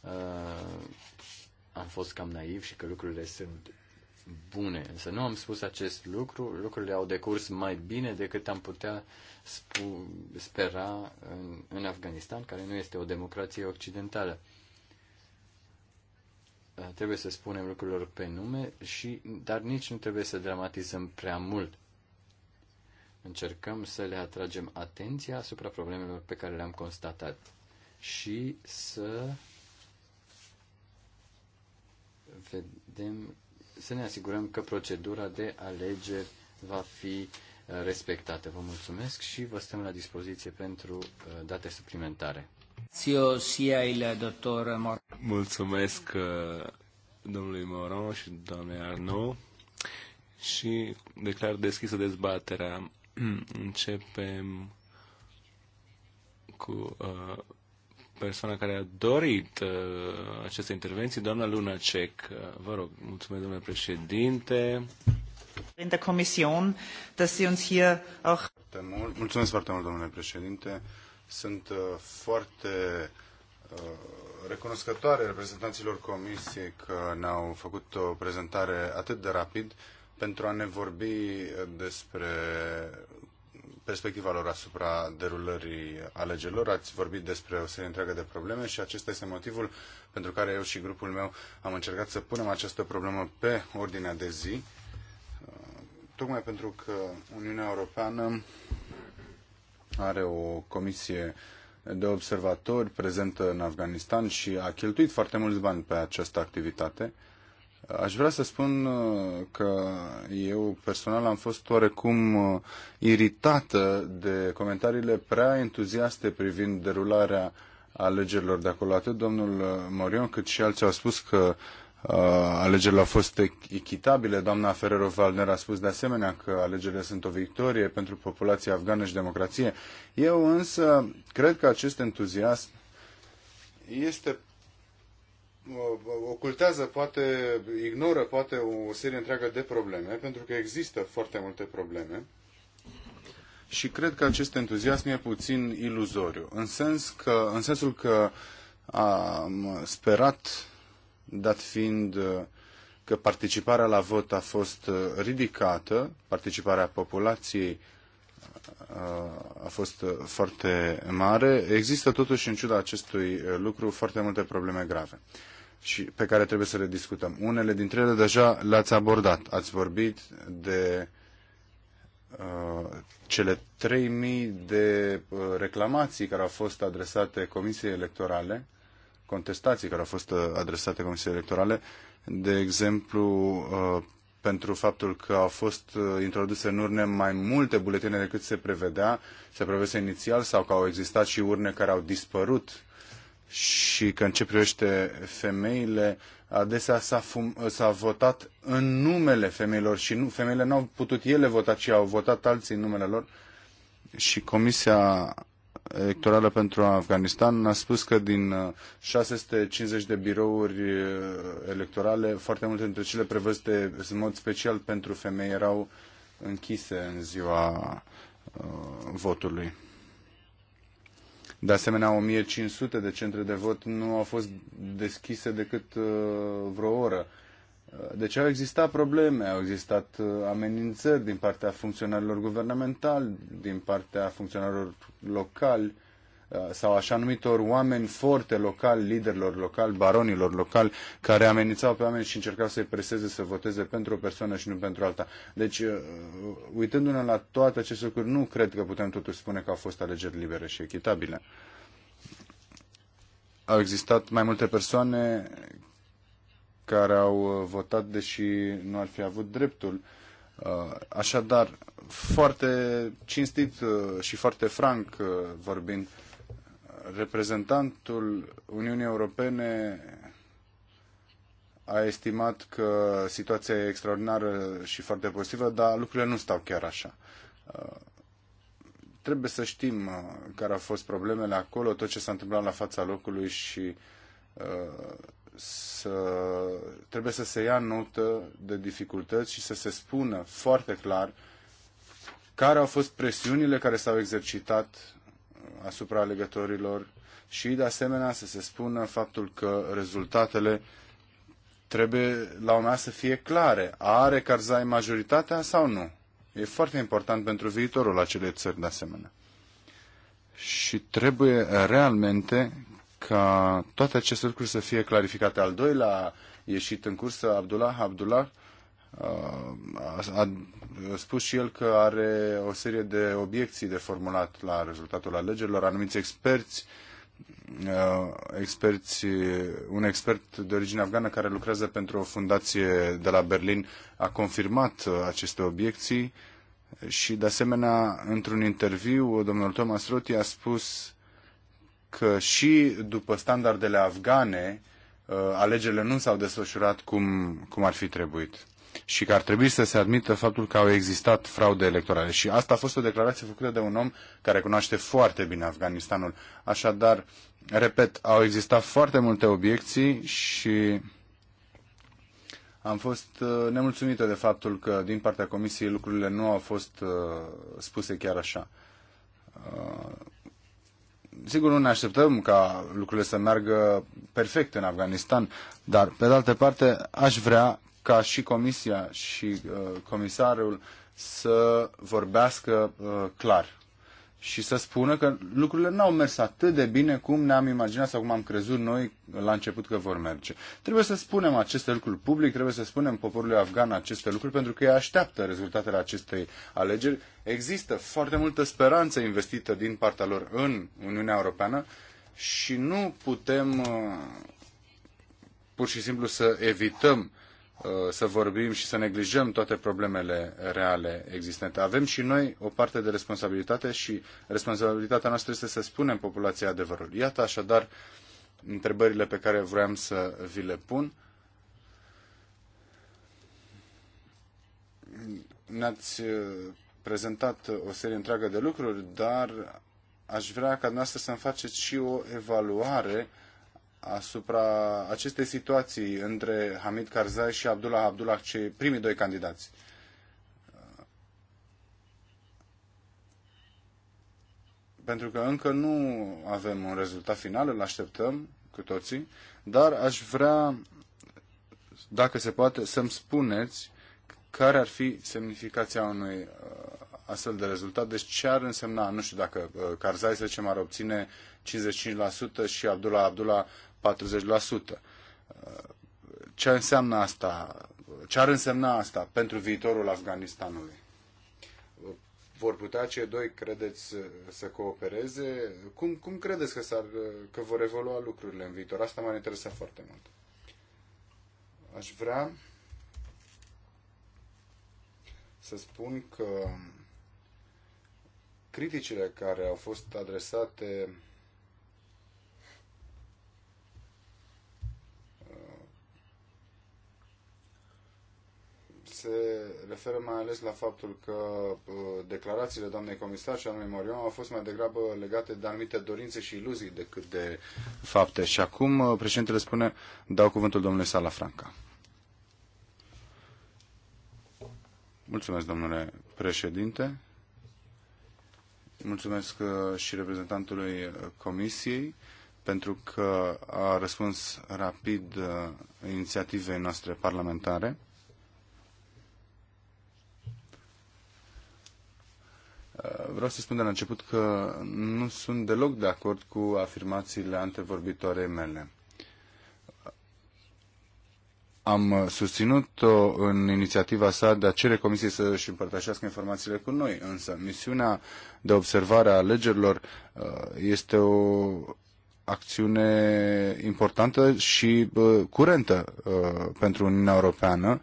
uh, am fost cam naiv și că lucrurile sunt bune. Însă nu am spus acest lucru, lucrurile au decurs mai bine decât am putea spera în, în Afganistan, care nu este o democrație occidentală. Uh, trebuie să spunem lucrurilor pe nume, și, dar nici nu trebuie să dramatizăm prea mult. Încercăm să le atragem atenția asupra problemelor pe care le-am constatat și să vedem să ne asigurăm că procedura de alegeri va fi uh, respectată. Vă mulțumesc și vă stăm la dispoziție pentru uh, date suplimentare. Mulțumesc uh, domnului Moron și doamnei Arno. și declar deschisă dezbaterea. Începem cu uh, persoana care a dorit uh, aceste intervenții, doamna Luna Cec. Uh, vă rog, mulțumesc, domnule președinte. In der Kommission, dass Sie uns hier auch... Mulțumesc foarte mult, domnule președinte. Sunt uh, foarte uh, recunoscătoare reprezentanților comisiei că ne-au făcut o prezentare atât de rapid pentru a ne vorbi uh, despre perspectiva lor asupra derulării alegerilor. Ați vorbit despre o serie întreagă de probleme și acesta este motivul pentru care eu și grupul meu am încercat să punem această problemă pe ordinea de zi, uh, tocmai pentru că Uniunea Europeană are o comisie de observatori prezentă în Afganistan și a cheltuit foarte mulți bani pe această activitate Aș vrea să spun uh, că eu personal am fost oarecum uh, iritată de comentariile prea entuziaste privind derularea alegerilor de acolo. Atât domnul uh, Morion cât și alții au spus că uh, alegerile au fost echitabile. Doamna Ferrero Valner a spus de asemenea că alegerile sunt o victorie pentru populația afgană și democrație. Eu însă cred că acest entuziasm este Uh, ocultează, poate ignoră, poate o serie întreagă de probleme, pentru că există foarte multe probleme. Și cred că acest entuziasm e puțin iluzoriu, în, sens că, în sensul că am sperat, dat fiind uh, că participarea la vot a fost uh, ridicată, participarea populației a fost uh, foarte mare. Există totuși, în ciuda acestui uh, lucru, foarte multe probleme grave și pe care trebuie să le discutăm. Unele dintre ele deja le-ați abordat. Ați vorbit de uh, cele 3000 de uh, reclamații care au fost adresate Comisiei Electorale, contestații care au fost uh, adresate Comisiei Electorale, de exemplu, uh, pentru faptul că au fost uh, introduse în urne mai multe buletine decât se prevedea, se prevese inițial, sau că au existat și urne care au dispărut și că în ce privește femeile, adesea s-a, votat în numele femeilor și nu, femeile nu au putut ele vota, ci au votat alții în numele lor. Și comisia electorală pentru Afganistan a spus că din 650 uh, de birouri uh, electorale, foarte multe dintre cele prevăzute în mod special pentru femei erau închise în ziua uh, votului. De asemenea, 1500 de centre de vot nu au fost deschise decât uh, vreo oră. Deci au existat probleme, au existat uh, amenințări din partea funcționarilor guvernamentali, din partea funcționarilor locali uh, sau așa numitor oameni forte locali, liderilor locali, baronilor locali, care amenințau pe oameni și încercau să-i preseze să voteze pentru o persoană și nu pentru alta. Deci, uh, uitându-ne la toate aceste lucruri, nu cred că putem totuși spune că au fost alegeri libere și echitabile. Au existat mai multe persoane care au uh, votat deși nu ar fi avut dreptul. Uh, așadar, foarte cinstit uh, și foarte franc vorbind, reprezentantul Uniunii Europene a estimat că situația e extraordinară și foarte pozitivă, dar lucrurile nu stau chiar așa. Trebuie să știm care au fost problemele acolo, tot ce s-a întâmplat la fața locului și să, trebuie să se ia notă de dificultăți și să se spună foarte clar care au fost presiunile care s-au exercitat uh, asupra alegătorilor și, de asemenea, să se spună faptul că rezultatele trebuie la urmea să fie clare. Are Karzai majoritatea sau nu? E foarte important pentru viitorul acelei țări, de asemenea. Și trebuie realmente ca toate aceste lucruri să fie clarificate. Al doilea ieșit în cursă, Abdullah Abdullah, uh, a spus și el că are o serie de obiecții de formulat la rezultatul alegerilor. Anumiți experți, uh, experți, un expert de origine afgană care lucrează pentru o fundație de la Berlin a confirmat aceste obiecții și, de asemenea, într-un interviu, domnul Thomas Roti a spus că și după standardele afgane, uh, alegerile nu s-au desfășurat cum, cum ar fi trebuit și că ar trebui să se admită faptul că au existat fraude electorale. Și asta a fost o declarație făcută de un om care cunoaște foarte bine Afganistanul. Așadar, repet, au existat foarte multe obiecții și am fost uh, nemulțumită de faptul că din partea Comisiei lucrurile nu au fost uh, spuse chiar așa sigur, nu ne așteptăm ca lucrurile să meargă perfect în Afganistan, dar, pe de altă parte, aș vrea ca și Comisia și uh, Comisarul să vorbească uh, clar și să spună că lucrurile n-au mers atât de bine cum ne-am imaginat sau cum am crezut noi la început că vor merge. Trebuie să spunem aceste lucruri public, trebuie să spunem poporului afgan aceste lucruri, pentru că ei așteaptă rezultatele acestei alegeri. Există foarte multă speranță investită din partea lor în Uniunea Europeană și nu putem uh, pur și simplu să evităm Uh, să vorbim și să neglijăm toate problemele reale existente. Avem și noi o parte de responsabilitate și responsabilitatea noastră este să spunem populației adevărul. Iată așadar întrebările pe care vroiam să vi le pun. Ne-ați uh, prezentat o serie întreagă de lucruri, dar aș vrea ca dumneavoastră să-mi faceți și o evaluare uh, asupra acestei situații între Hamid Karzai și Abdullah Abdullah, cei primii doi candidați. Pentru că încă nu avem un rezultat final, îl așteptăm cu toții, dar aș vrea, dacă se poate, să-mi spuneți care ar fi semnificația unui uh, astfel de rezultat. Deci ce ar însemna, nu știu dacă uh, Karzai, să zicem, ar obține 55% și Abdullah Abdullah 40%. Ce înseamnă asta? Ce ar însemna asta pentru viitorul Afganistanului? Vor putea cei doi, credeți, să coopereze? Cum, cum credeți că, s-ar, că vor evolua lucrurile în viitor? Asta m a interesat foarte mult. Aș vrea să spun că criticile care au fost adresate se referă mai ales la faptul că uh, declarațiile doamnei comisar și lui Morion au fost mai degrabă legate de anumite dorințe și iluzii decât de fapte. Și acum uh, președintele spune, dau cuvântul domnului Sala Franca. Mulțumesc, domnule președinte. Mulțumesc uh, și reprezentantului Comisiei pentru că a răspuns rapid inițiativei noastre parlamentare. Vreau să spun de la început că nu sunt deloc de acord cu afirmațiile antevorbitoare mele. Am susținut-o în inițiativa sa de a cere Comisiei să își împărtășească informațiile cu noi, însă misiunea de observare a alegerilor uh, este o acțiune importantă și uh, curentă uh, pentru Uniunea Europeană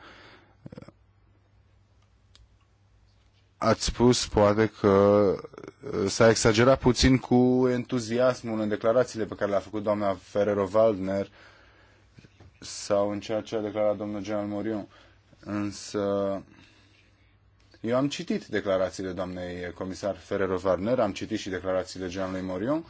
ați spus poate că uh, s-a exagerat puțin cu entuziasmul în declarațiile pe care le-a făcut doamna Ferrero-Waldner sau în ceea ce a declarat domnul general Morion. Însă eu am citit declarațiile doamnei comisar Ferrero-Waldner, am citit și declarațiile generalului Morion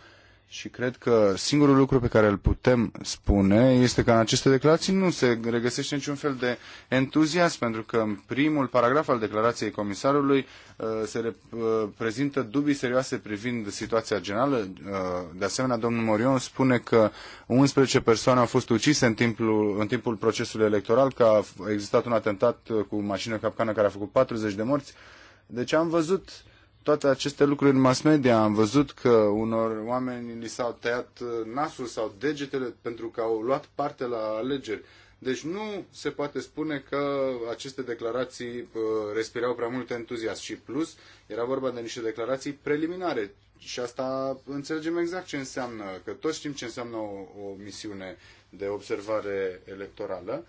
și cred că singurul lucru pe care îl putem spune este că în aceste declarații nu se regăsește niciun fel de entuziasm, pentru că în primul paragraf al declarației comisarului uh, se uh, prezintă dubii serioase privind situația generală. Uh, de asemenea, domnul Morion spune că 11 persoane au fost ucise în timpul, în timpul procesului electoral, că a existat un atentat cu mașină capcană care a făcut 40 de morți. Deci am văzut uh, toate aceste lucruri în mass media. Am văzut că unor oameni li s-au tăiat uh, nasul sau degetele pentru că au luat parte la alegeri. Deci nu se poate spune că aceste declarații uh, respirau prea mult entuziasm și plus era vorba de niște declarații preliminare și asta înțelegem exact ce înseamnă, că toți știm ce înseamnă o, o misiune de observare electorală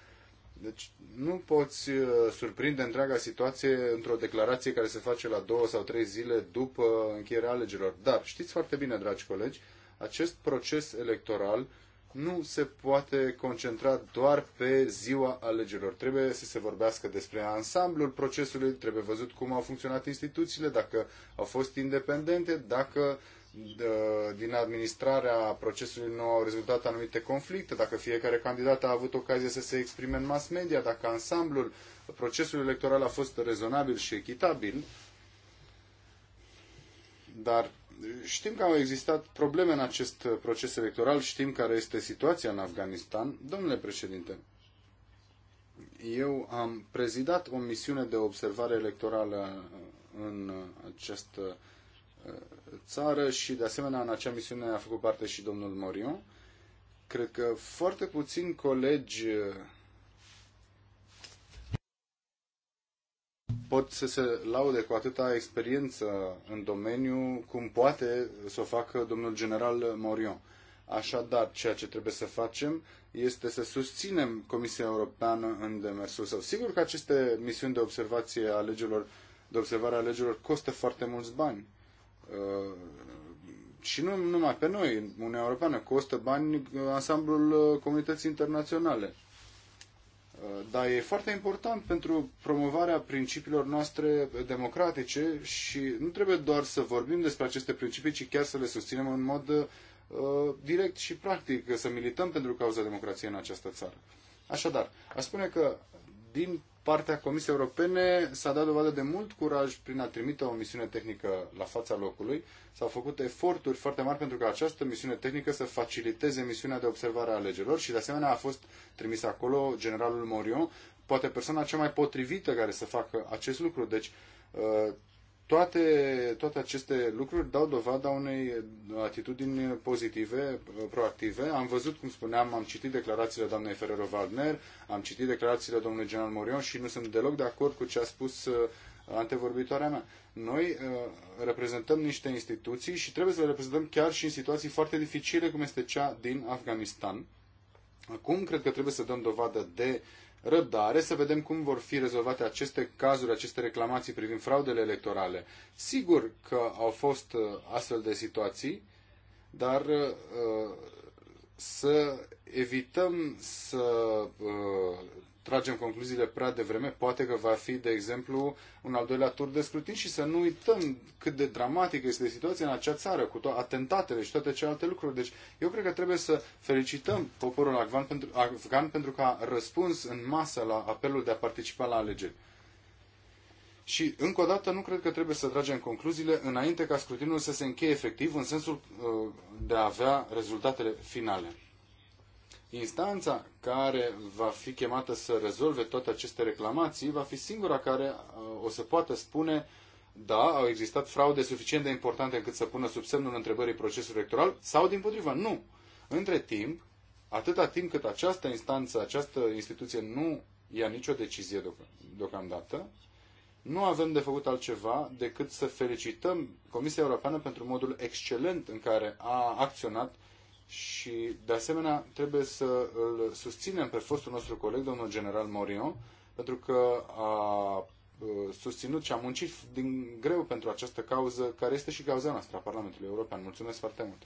deci nu poți uh, surprinde întreaga situație într-o declarație care se face la două sau trei zile după încheierea alegerilor. Dar știți foarte bine, dragi colegi, acest proces electoral nu se poate concentra doar pe ziua alegerilor. Trebuie să se vorbească despre ansamblul procesului, trebuie văzut cum au funcționat instituțiile, dacă au fost independente, dacă uh, de, din administrarea procesului nu au rezultat anumite conflicte, dacă fiecare candidat a avut ocazia să se exprime în mass media, dacă ansamblul procesului electoral a fost rezonabil și echitabil, dar știm că au existat probleme în acest proces electoral, știm care este situația în Afganistan. Domnule președinte, eu am prezidat o misiune de observare electorală în această țară și, de asemenea, în acea misiune a făcut parte și domnul Morion. Cred că foarte puțini colegi uh, pot să se laude cu atâta experiență în domeniu cum poate să o facă domnul general Morion. Așadar, ceea ce trebuie să facem este să susținem Comisia Europeană în demersul său. Sigur că aceste misiuni de observație a legilor, de observare a legilor costă foarte mulți bani. Uh, și nu numai pe noi, Uniunea Europeană, costă bani uh, ansamblul uh, comunității internaționale. Dar e foarte important pentru promovarea principiilor noastre democratice și nu trebuie doar să vorbim despre aceste principii, ci chiar să le susținem în mod uh, direct și practic, să milităm pentru cauza democrației în această țară. Așadar, aș spune că din partea Comisiei Europene s-a dat dovadă de mult curaj prin a trimite o misiune tehnică la fața locului. S-au făcut eforturi foarte mari pentru ca această misiune tehnică să faciliteze misiunea de observare a alegerilor și de asemenea a fost trimis acolo generalul Morion, poate persoana cea mai potrivită care să facă acest lucru. Deci uh, toate, toate aceste lucruri dau dovada unei atitudini pozitive, proactive. Am văzut, cum spuneam, am citit declarațiile doamnei Ferrero-Waldner, am citit declarațiile domnului general Morion și nu sunt deloc de acord cu ce a spus uh, antevorbitoarea mea. Noi uh, reprezentăm niște instituții și trebuie să le reprezentăm chiar și în situații foarte dificile, cum este cea din Afganistan. Acum cred că trebuie să dăm dovadă de răbdare să vedem cum vor fi rezolvate aceste cazuri, aceste reclamații privind fraudele electorale. Sigur că au fost uh, astfel de situații, dar uh, să evităm să uh, tragem concluziile prea devreme. Poate că va fi, de exemplu, un al doilea tur de scrutin și să nu uităm cât de dramatică este situația în acea țară, cu to- atentatele și toate celelalte lucruri. Deci eu cred că trebuie să felicităm poporul afgan pentru, afgan pentru că a răspuns în masă la apelul de a participa la alegeri. Și, încă o dată, nu cred că trebuie să tragem concluziile înainte ca scrutinul să se încheie efectiv în sensul uh, de a avea rezultatele finale. Instanța care va fi chemată să rezolve toate aceste reclamații va fi singura care uh, o să poată spune da, au existat fraude suficient de importante încât să pună sub semnul întrebării procesul electoral sau din potrivă, nu. Între timp, atâta timp cât această instanță, această instituție nu ia nicio decizie deocamdată, nu avem de făcut altceva decât să felicităm Comisia Europeană pentru modul excelent în care a acționat și, de asemenea, trebuie să îl susținem pe fostul nostru coleg, domnul general Morion, pentru că a susținut și a muncit din greu pentru această cauză, care este și cauza noastră a Parlamentului European. Mulțumesc foarte mult.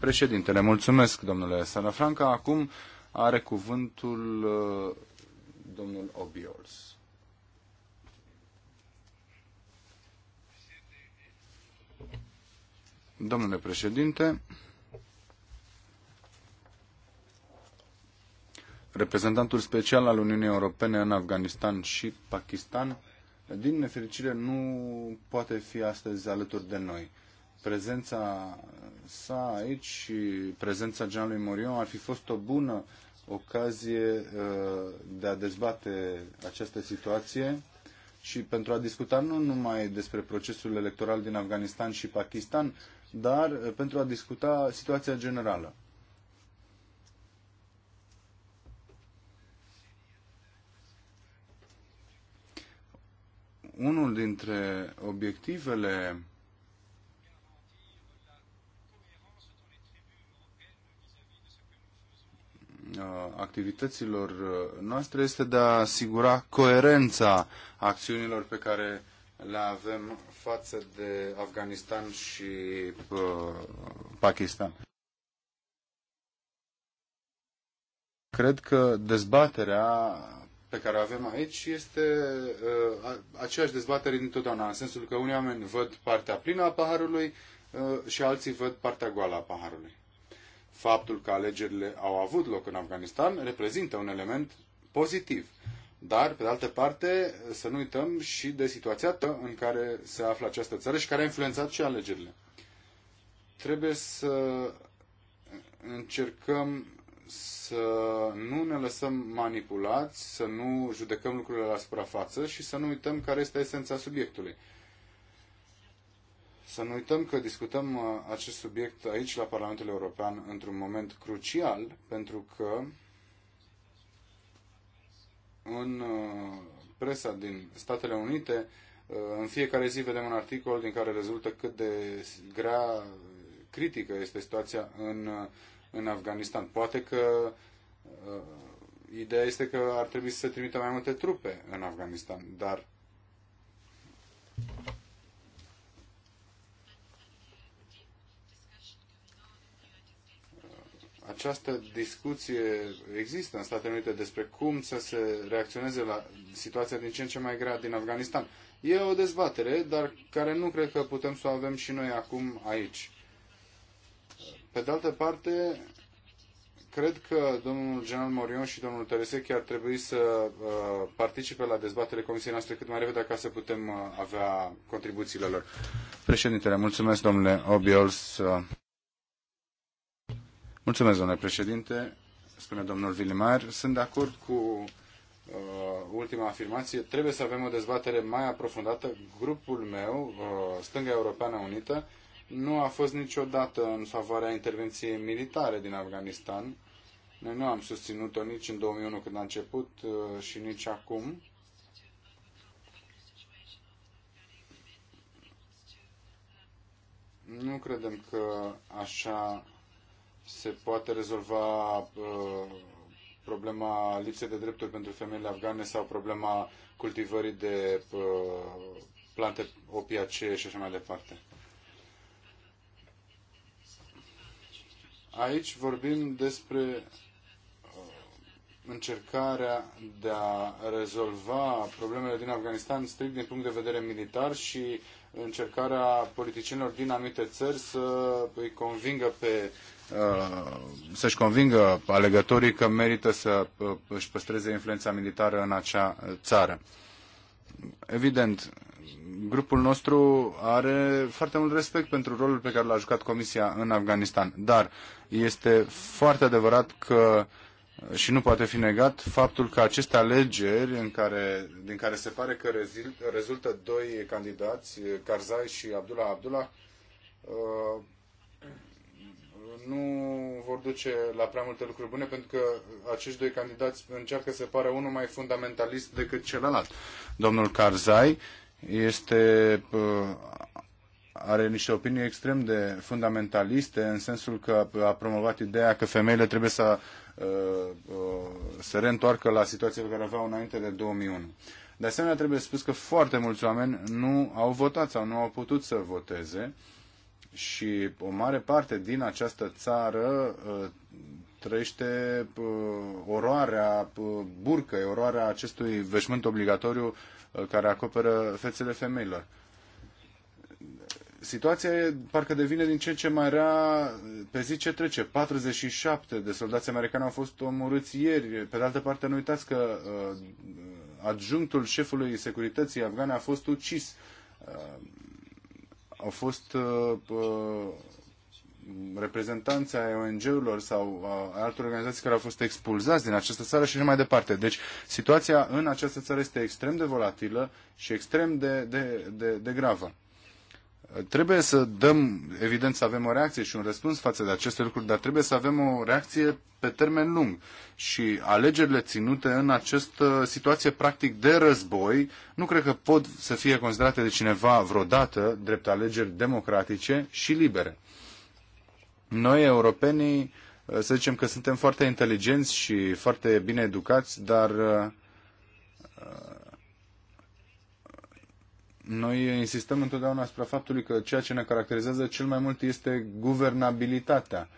Președintele, mulțumesc, domnule Salafranca. Acum are cuvântul uh, domnul Obiols. Domnule președinte, reprezentantul special al Uniunii Europene în Afganistan și Pakistan, din nefericire nu poate fi astăzi alături de noi. Prezența sa aici și prezența Jean-Louis Morion ar fi fost o bună ocazie uh, de a dezbate această situație și pentru a discuta nu numai despre procesul electoral din Afganistan și Pakistan, dar uh, pentru a discuta situația generală. unul dintre obiectivele activităților noastre este de a asigura coerența acțiunilor pe care le avem față de Afganistan și uh, Pakistan. Cred că dezbaterea pe care o avem aici este uh, aceeași dezbatere dintotdeauna, în sensul că unii oameni văd partea plină a paharului uh, și alții văd partea goală a paharului. Faptul că alegerile au avut loc în Afganistan reprezintă un element pozitiv. Dar, pe de altă parte, să nu uităm și de situația în care se află această țară și care a influențat și alegerile. Trebuie să încercăm să nu ne lăsăm manipulați, să nu judecăm lucrurile la suprafață și să nu uităm care este esența subiectului. Să nu uităm că discutăm uh, acest subiect aici la Parlamentul European într-un moment crucial, pentru că în uh, presa din Statele Unite, uh, în fiecare zi vedem un articol din care rezultă cât de grea critică este situația în în Afganistan. Poate că uh, ideea este că ar trebui să se trimită mai multe trupe în Afganistan, dar această discuție există în Statele Unite despre cum să se reacționeze la situația din ce în ce mai grea din Afganistan. E o dezbatere, dar care nu cred că putem să o avem și noi acum aici. Pe de altă parte, cred că domnul general Morion și domnul Tăresec ar trebui să uh, participe la dezbatere comisiei noastre cât mai repede ca să putem uh, avea contribuțiile lor. Președintele, mulțumesc domnule Obiols. Uh... Mulțumesc, domnule președinte, spune domnul Vilimar. Sunt de acord cu uh, ultima afirmație. Trebuie să avem o dezbatere mai aprofundată. Grupul meu, uh, Stânga Europeană Unită, nu a fost niciodată în favoarea intervenției militare din Afganistan. Noi nu am susținut-o nici în 2001 când a început uh, și nici acum. Nu credem că așa se poate rezolva uh, problema lipsei de drepturi pentru femeile afgane sau problema cultivării de uh, plante opiacee și așa mai departe. Aici vorbim despre uh, încercarea de a rezolva problemele din Afganistan strict din punct de vedere militar și încercarea politicienilor din anumite țări să îi convingă pe uh, să-și convingă alegătorii că merită să uh, își păstreze influența militară în acea țară. Evident, grupul nostru are foarte mult respect pentru rolul pe care l-a jucat Comisia în Afganistan, dar este foarte adevărat că și nu poate fi negat faptul că aceste alegeri în care, din care se pare că rezultă doi candidați, Karzai și Abdullah Abdullah, uh, nu vor duce la prea multe lucruri bune pentru că acești doi candidați încearcă să pară unul mai fundamentalist decât celălalt. Domnul Karzai este uh, are niște opinii extrem de fundamentaliste, în sensul că a promovat ideea că femeile trebuie să uh, uh, se reîntoarcă la situația pe care aveau înainte de 2001. De asemenea, trebuie spus că foarte mulți oameni nu au votat sau nu au putut să voteze și o mare parte din această țară uh, trăiește oroarea burcăi, oroarea acestui veșmânt obligatoriu care acoperă fețele femeilor situația e, parcă devine din ce în ce mai rea pe zi ce trece. 47 de soldați americani au fost omorâți ieri. Pe de altă parte, nu uitați că uh, adjunctul șefului securității afgane a fost ucis. Uh, au fost uh, uh, reprezentanți ai ONG-urilor sau ai uh, altor organizații care au fost expulzați din această țară și așa mai departe. Deci situația în această țară este extrem de volatilă și extrem de, de, de, de gravă. Trebuie să dăm, evident să avem o reacție și un răspuns față de aceste lucruri, dar trebuie să avem o reacție pe termen lung. Și alegerile ținute în această situație practic de război nu cred că pot să fie considerate de cineva vreodată drept alegeri democratice și libere. Noi, europenii, să zicem că suntem foarte inteligenți și foarte bine educați, dar noi insistăm întotdeauna asupra faptului că ceea ce ne caracterizează cel mai mult este guvernabilitatea.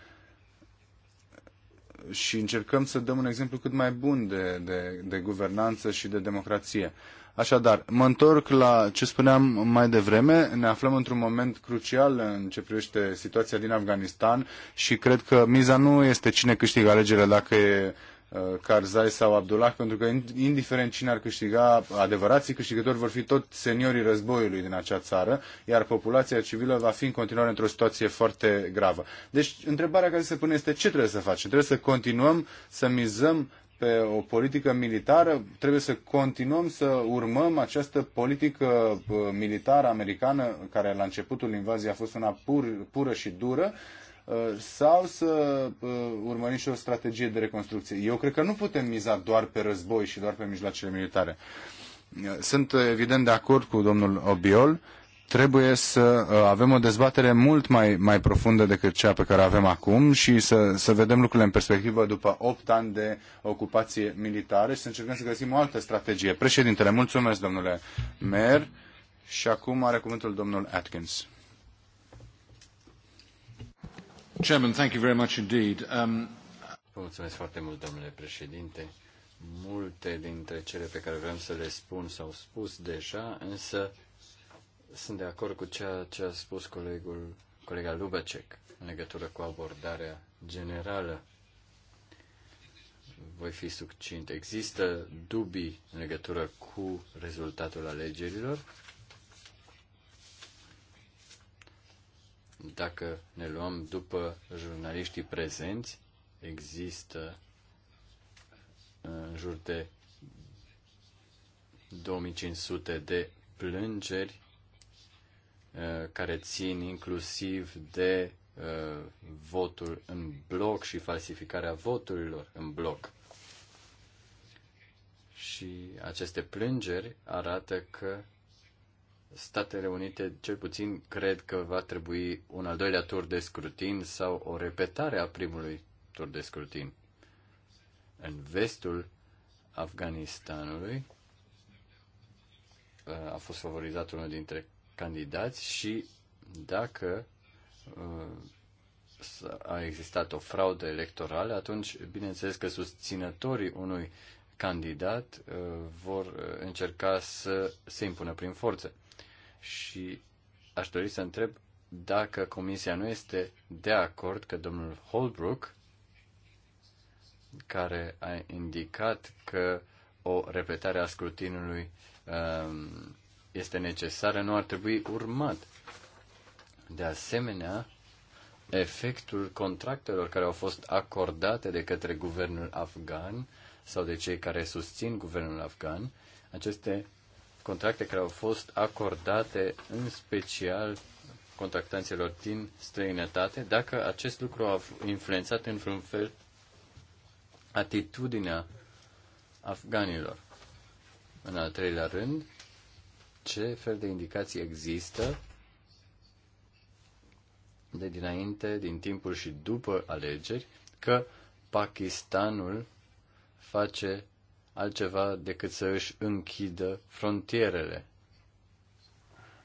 Și încercăm să dăm un exemplu cât mai bun de, de, de guvernanță și de democrație. Așadar, mă întorc la ce spuneam mai devreme. Ne aflăm într-un moment crucial în ce privește situația din Afganistan și cred că miza nu este cine câștigă alegerile dacă e Uh, Karzai sau Abdullah, pentru că indiferent cine ar câștiga, adevărații câștigători vor fi tot seniorii războiului din acea țară, iar populația civilă va fi în continuare într-o situație foarte gravă. Deci, întrebarea care se pune este ce trebuie să facem? Trebuie să continuăm să mizăm pe o politică militară, trebuie să continuăm să urmăm această politică uh, militară americană, care la începutul invaziei a fost una pur, pură și dură, Uh, sau să uh, urmărim și o strategie de reconstrucție. Eu cred că nu putem miza doar pe război și doar pe mijloacele militare. Uh, sunt evident de acord cu domnul Obiol, trebuie să avem o dezbatere mult mai, mai profundă decât cea pe care avem acum și să, să vedem lucrurile în perspectivă după 8 ani de ocupație militară și să încercăm să găsim o altă strategie. Președintele, mulțumesc domnule Mer și acum are cuvântul domnul Atkins. Um, mulțumesc foarte mult, domnule președinte. Multe dintre cele pe care vreau să le spun s-au spus deja, însă sunt de acord cu ceea ce a spus colegul, colega Lubacek în legătură cu abordarea generală. Voi fi succint. Există dubii în legătură cu rezultatul alegerilor Dacă ne luăm după jurnaliștii prezenți, există uh, în jur de 2500 de plângeri uh, care țin inclusiv de uh, votul în bloc și falsificarea voturilor în bloc. Și aceste plângeri arată că Statele Unite, cel puțin, cred că va trebui un al doilea tur de scrutin sau o repetare a primului tur de scrutin. În vestul Afganistanului uh, a fost favorizat unul dintre candidați și dacă uh, a existat o fraudă electorală, atunci, bineînțeles că susținătorii unui candidat uh, vor încerca să se impună prin forță și aș dori să întreb dacă Comisia nu este de acord că domnul Holbrook, care a indicat că o repetare a scrutinului um, este necesară, nu ar trebui urmat. De asemenea, efectul contractelor care au fost acordate de către guvernul afgan sau de cei care susțin guvernul afgan, aceste contracte care au fost acordate în special contractanților din străinătate, dacă acest lucru a influențat în vreun fel atitudinea afganilor. În al treilea rând, ce fel de indicații există de dinainte, din timpul și după alegeri, că Pakistanul face altceva decât să își închidă frontierele.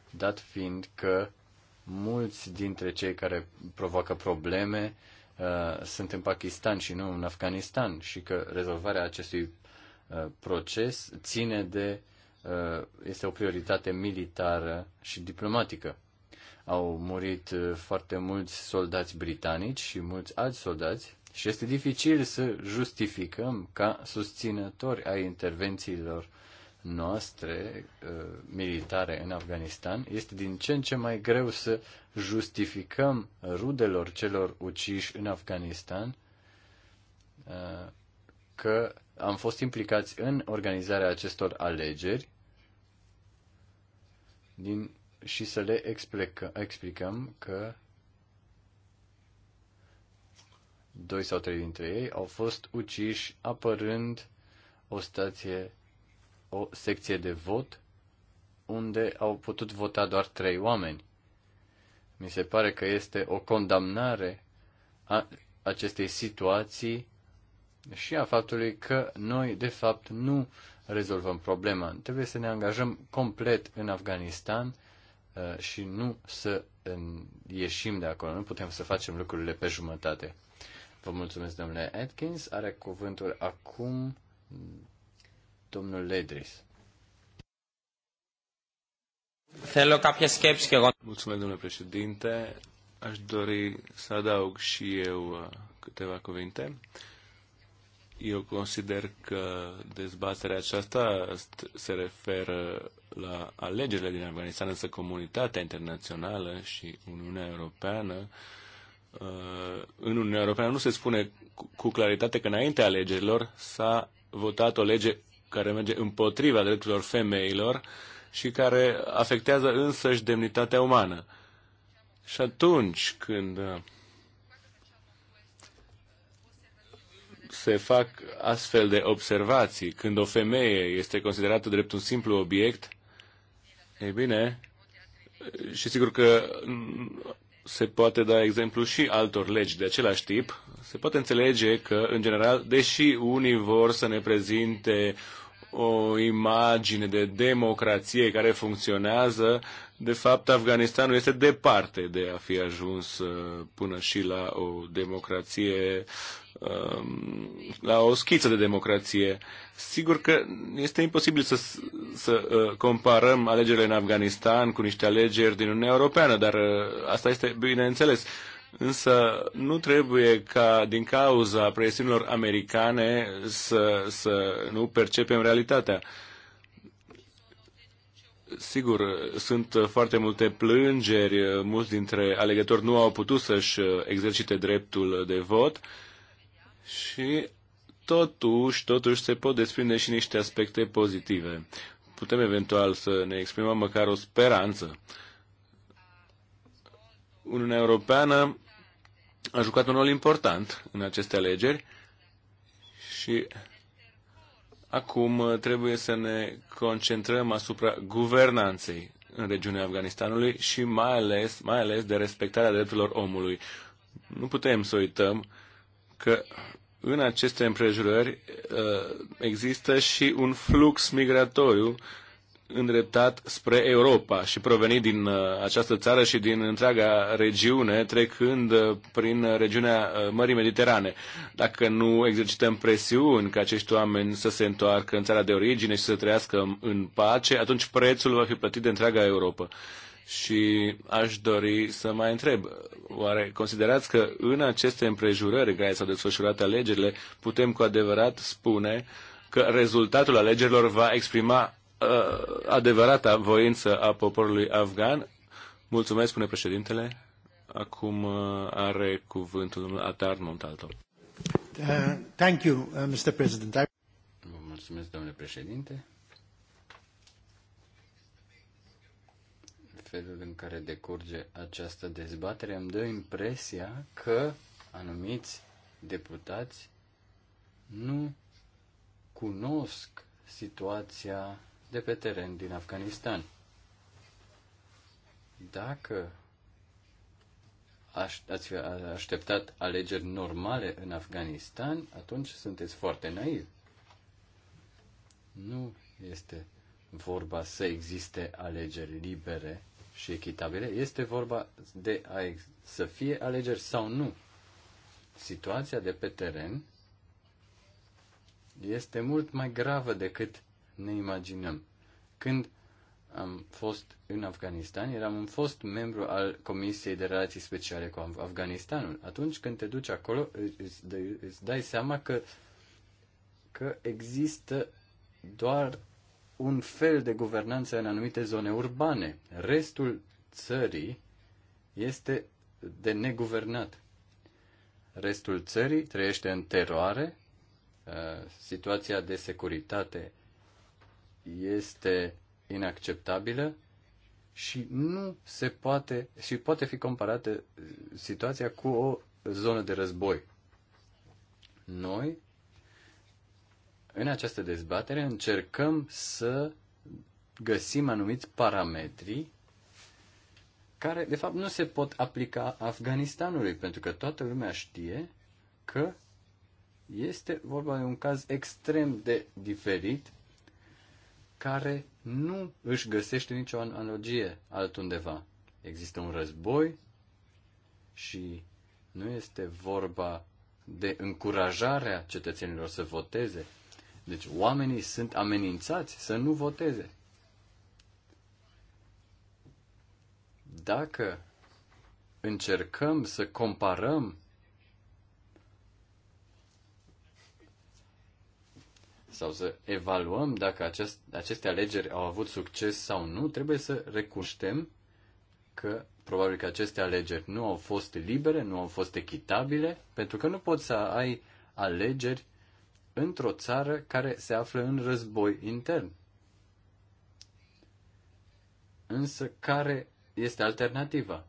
Dat fiind că mulți dintre cei care provoacă probleme uh, sunt în Pakistan și nu în Afganistan și că rezolvarea acestui uh, proces ține de uh, este o prioritate militară și diplomatică. Au murit uh, foarte mulți soldați britanici și mulți alți soldați și este dificil să justificăm ca susținători ai intervențiilor noastre uh, militare în Afganistan, este din ce în ce mai greu să justificăm rudelor celor uciși în Afganistan uh, că am fost implicați în organizarea acestor alegeri din, și să le explică, explicăm că doi sau trei dintre ei au fost uciși apărând o stație, o secție de vot unde au putut vota doar trei oameni. Mi se pare că este o condamnare a acestei situații și a faptului că noi, de fapt, nu rezolvăm problema. Trebuie să ne angajăm complet în Afganistan uh, și nu să uh, ieșim de acolo. Nu putem să facem lucrurile pe jumătate. Vă mulțumesc, domnule Atkins. Are cuvântul acum domnul Ledris. Mulțumesc, domnule președinte. Aș dori să adaug și eu uh, câteva cuvinte. Eu consider că dezbaterea aceasta se referă la alegerile din Afganistan, însă comunitatea internațională și Uniunea Europeană uh, în Uniunea Europeană nu se spune cu claritate că înaintea alegerilor s-a votat o lege care merge împotriva drepturilor femeilor și care afectează însăși demnitatea umană. Și atunci când uh, se fac astfel de observații, când o femeie este considerată drept un simplu obiect, ei bine, și sigur că se poate da exemplu și altor legi de același tip. Se poate înțelege că, în general, deși unii vor să ne prezinte o imagine de democrație care funcționează, de fapt Afganistanul este departe de a fi ajuns uh, până și la o democrație Um, la o schiță de democrație. Sigur că este imposibil să, să uh, comparăm alegerile în Afganistan cu niște alegeri din Uniunea Europeană, dar uh, asta este bineînțeles. Însă nu trebuie ca din cauza presiunilor americane să, să nu percepem realitatea. Sigur, sunt foarte multe plângeri, mulți dintre alegători nu au putut să-și exercite dreptul de vot, uh, și totuși, totuși se pot desprinde și niște aspecte pozitive. Putem eventual să ne exprimăm măcar o speranță. Uniunea Europeană a jucat un rol important în aceste alegeri și acum trebuie să ne concentrăm asupra guvernanței în regiunea Afganistanului și mai ales, mai ales de respectarea drepturilor omului. Nu putem să uităm uh, că în aceste împrejurări uh, există și un flux migratoriu îndreptat spre Europa și provenit din uh, această țară și din întreaga regiune, trecând uh, prin regiunea Mării Mediterane. Dacă nu exercităm presiuni ca acești oameni să se întoarcă în țara de origine și să trăiască în pace, atunci prețul va fi plătit de întreaga Europa și aș dori să mai întreb, oare considerați că în aceste împrejurări care s-au desfășurat alegerile, putem cu adevărat spune că rezultatul alegerilor va exprima uh, adevărata voință a poporului afgan? Mulțumesc, spune președintele. Acum uh, are cuvântul domnul Atar Montalto. Uh, thank you, uh, Mr. President. I... Vă mulțumesc, domnule președinte. felul în care decurge această dezbatere, îmi dă impresia că anumiți deputați nu cunosc situația de pe teren din Afganistan. Dacă ați așteptat alegeri normale în Afganistan, atunci sunteți foarte naivi. Nu este vorba să existe alegeri libere și echitabile, este vorba de a să fie alegeri sau nu. Situația de pe teren este mult mai gravă decât ne imaginăm. Când am fost în Afganistan, eram un fost membru al Comisiei de Relații Speciale cu Afganistanul. Atunci când te duci acolo, îți dai seama că, că există doar un fel de guvernanță în anumite zone urbane. Restul țării este de neguvernat. Restul țării trăiește în teroare, uh, situația de securitate este inacceptabilă și nu se poate și poate fi comparată uh, situația cu o zonă de război. Noi în această dezbatere încercăm să găsim anumiți parametri care, de fapt, nu se pot aplica Afganistanului, pentru că toată lumea știe că este vorba de un caz extrem de diferit care nu își găsește nicio analogie altundeva. Există un război și nu este vorba de încurajarea cetățenilor să voteze, deci oamenii sunt amenințați să nu voteze. Dacă încercăm să comparăm sau să evaluăm dacă acest, aceste alegeri au avut succes sau nu, trebuie să recunoaștem că probabil că aceste alegeri nu au fost libere, nu au fost echitabile, pentru că nu poți să ai alegeri într-o țară care se află în război intern. Însă, care este alternativa?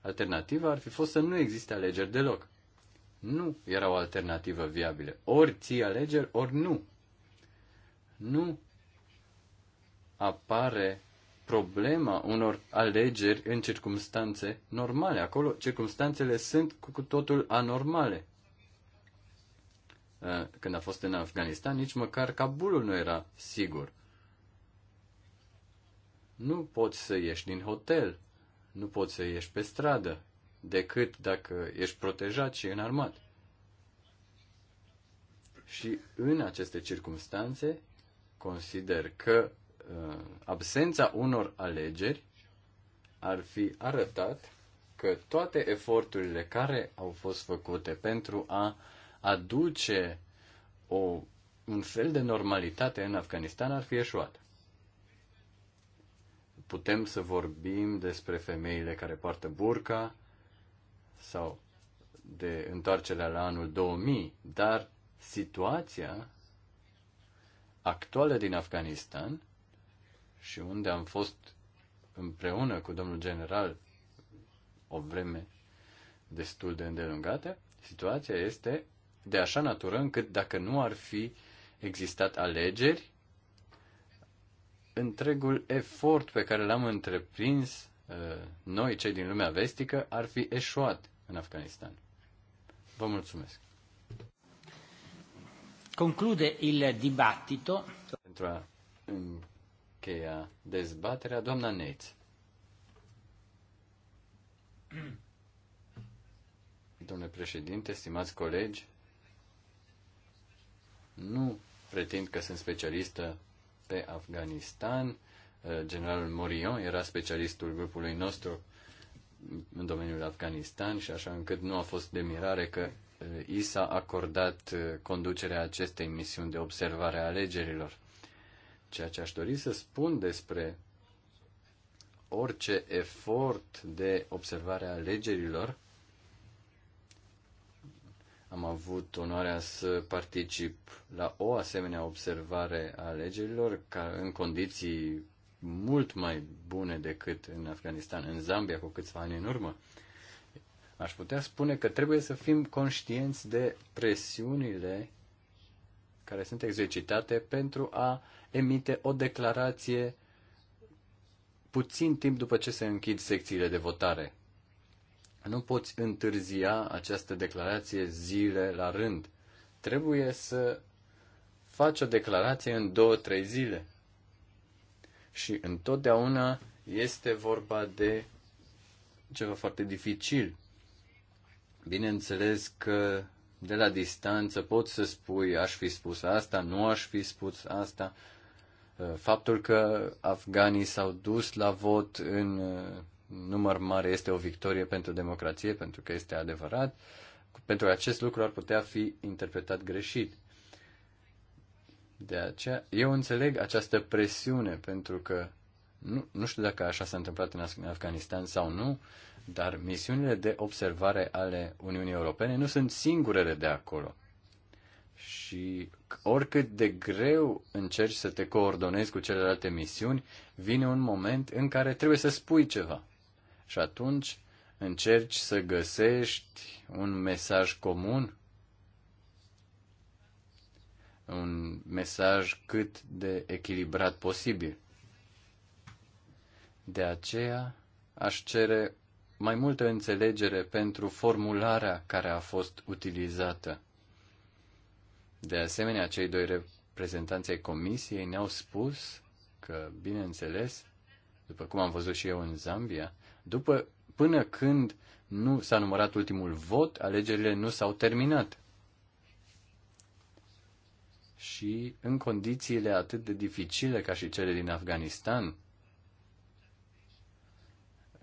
Alternativa ar fi fost să nu existe alegeri deloc. Nu era o alternativă viabilă. Ori ții alegeri, ori nu. Nu apare problema unor alegeri în circumstanțe normale. Acolo circumstanțele sunt cu totul anormale. Uh, când a fost în Afganistan, nici măcar Kabulul nu era sigur. Nu poți să ieși din hotel, nu poți să ieși pe stradă, decât dacă ești protejat și înarmat. Și în aceste circunstanțe, consider că uh, absența unor alegeri ar fi arătat că toate eforturile care au fost făcute pentru a uh, aduce o, un fel de normalitate în Afganistan ar fi eșuat. Putem să vorbim despre femeile care poartă burca sau de întoarcerea la anul 2000, dar situația actuală din Afganistan și unde am fost împreună cu domnul general o vreme destul de îndelungată, situația este de așa natură încât dacă nu ar fi existat alegeri, întregul efort pe care l-am întreprins uh, noi, cei din lumea vestică, ar fi eșuat în Afganistan. Vă mulțumesc. Conclude il dibattito. Pentru a încheia dezbaterea, doamna Neitz. Domnule președinte, stimați colegi, nu pretind că sunt specialistă pe Afganistan. Uh, generalul Morion era specialistul grupului nostru în domeniul Afganistan și așa încât nu a fost de mirare că uh, i s-a acordat uh, conducerea acestei misiuni de observare a alegerilor. Ceea ce aș dori să spun despre orice efort de observare a alegerilor am avut onoarea să particip la o asemenea observare a alegerilor ca în condiții mult mai bune decât în Afganistan, în Zambia, cu câțiva ani în urmă. Aș putea spune că trebuie să fim conștienți de presiunile care sunt exercitate pentru a emite o declarație puțin timp după ce se închid secțiile de votare. Nu poți întârzia această declarație zile la rând. Trebuie să faci o declarație în două, trei zile. Și întotdeauna este vorba de ceva foarte dificil. Bineînțeles că de la distanță poți să spui aș fi spus asta, nu aș fi spus asta. Faptul că afganii s-au dus la vot în număr mare este o victorie pentru democrație, pentru că este adevărat, pentru că acest lucru ar putea fi interpretat greșit. De aceea, eu înțeleg această presiune, pentru că nu, nu știu dacă așa s-a întâmplat în Afganistan sau nu, dar misiunile de observare ale Uniunii Europene nu sunt singurele de acolo. Și oricât de greu încerci să te coordonezi cu celelalte misiuni, vine un moment în care trebuie să spui ceva. Și atunci încerci să găsești un mesaj comun, un mesaj cât de echilibrat posibil. De aceea aș cere mai multă înțelegere pentru formularea care a fost utilizată. De asemenea, cei doi reprezentanți ai comisiei ne-au spus că, bineînțeles, după cum am văzut și eu în Zambia, după, până când nu s-a numărat ultimul vot, alegerile nu s-au terminat. Și în condițiile atât de dificile ca și cele din Afganistan,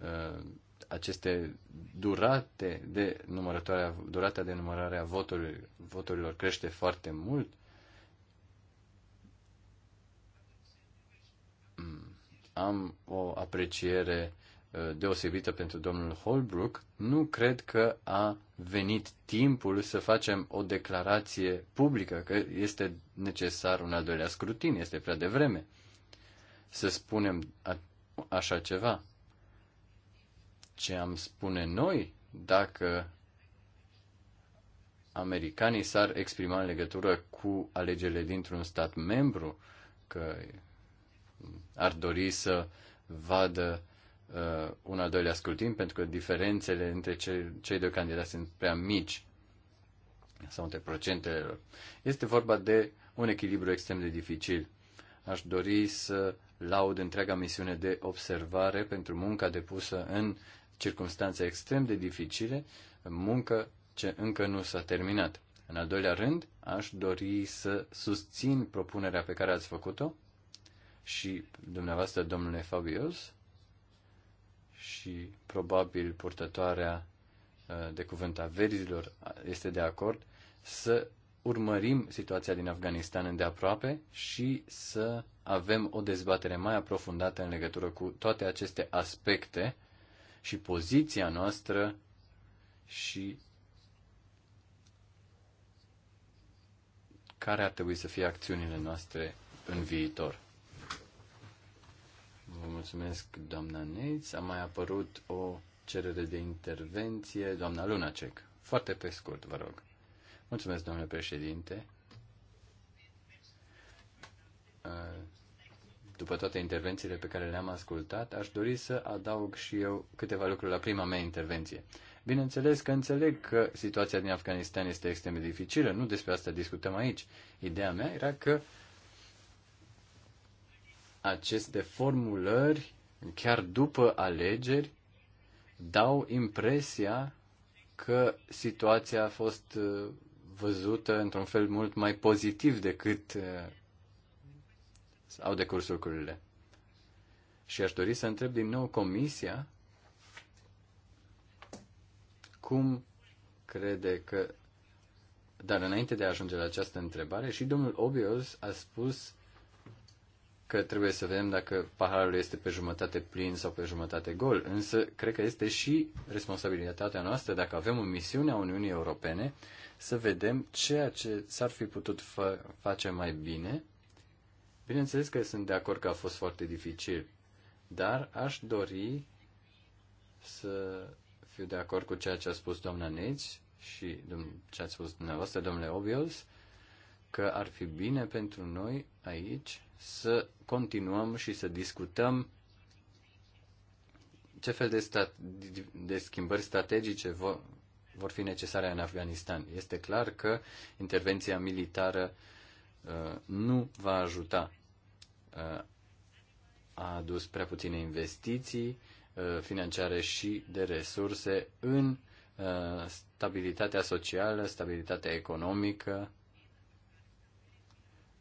ă, aceste durate de numărătoare, durata de numărare a voturilor, voturilor crește foarte mult, am o apreciere Uh, deosebită pentru domnul Holbrook, nu cred că a venit timpul să facem o declarație publică că este necesar un al doilea scrutin, este prea devreme să spunem așa ceva. Ce am spune noi dacă americanii s-ar exprima în legătură cu alegerile dintr-un stat membru, că ar dori să vadă uh, un al doilea scrutin, pentru că diferențele între ce, cei doi candidați sunt prea mici sau între procentele Este vorba de un echilibru extrem de dificil. Aș dori să laud întreaga misiune de observare pentru munca depusă în circunstanțe extrem de dificile, muncă ce încă nu s-a terminat. În al doilea rând, aș dori să susțin propunerea pe care ați făcut-o și dumneavoastră, domnule Fabius, și probabil purtătoarea uh, de cuvânt a verzilor este de acord, să urmărim situația din Afganistan îndeaproape și să avem o dezbatere mai aprofundată în legătură cu toate aceste aspecte și poziția noastră și care ar trebui să fie acțiunile noastre în viitor. Vă mulțumesc, doamna Neț. A mai apărut o cerere de intervenție, doamna Lunacek. Foarte pe scurt, vă rog. Mulțumesc, domnule președinte. După toate intervențiile pe care le-am ascultat, aș dori să adaug și eu câteva lucruri la prima mea intervenție. Bineînțeles că înțeleg că situația din Afganistan este extrem de dificilă, nu despre asta discutăm aici. Ideea mea era că aceste formulări, chiar după alegeri, dau impresia că situația a fost uh, văzută într-un fel mult mai pozitiv decât uh, au decurs lucrurile. Și aș dori să întreb din nou Comisia cum crede că. Dar înainte de a ajunge la această întrebare, și domnul Obiols a spus că trebuie să vedem dacă paharul este pe jumătate plin sau pe jumătate gol, însă cred că este și responsabilitatea noastră, dacă avem o misiune a Uniunii Europene, să vedem ceea ce s-ar fi putut face mai bine. Bineînțeles că sunt de acord că a fost foarte dificil, dar aș dori să fiu de acord cu ceea ce a spus doamna Neitz și ce ați spus dumneavoastră, domnule Obios, uh, că ar fi bine pentru noi aici să continuăm și să discutăm ce fel de, stat, de schimbări strategice vor, vor fi necesare în Afganistan. Este clar că intervenția militară uh, nu va ajuta. Uh, a adus prea puține investiții uh, financiare și de resurse în uh, stabilitatea socială, stabilitatea economică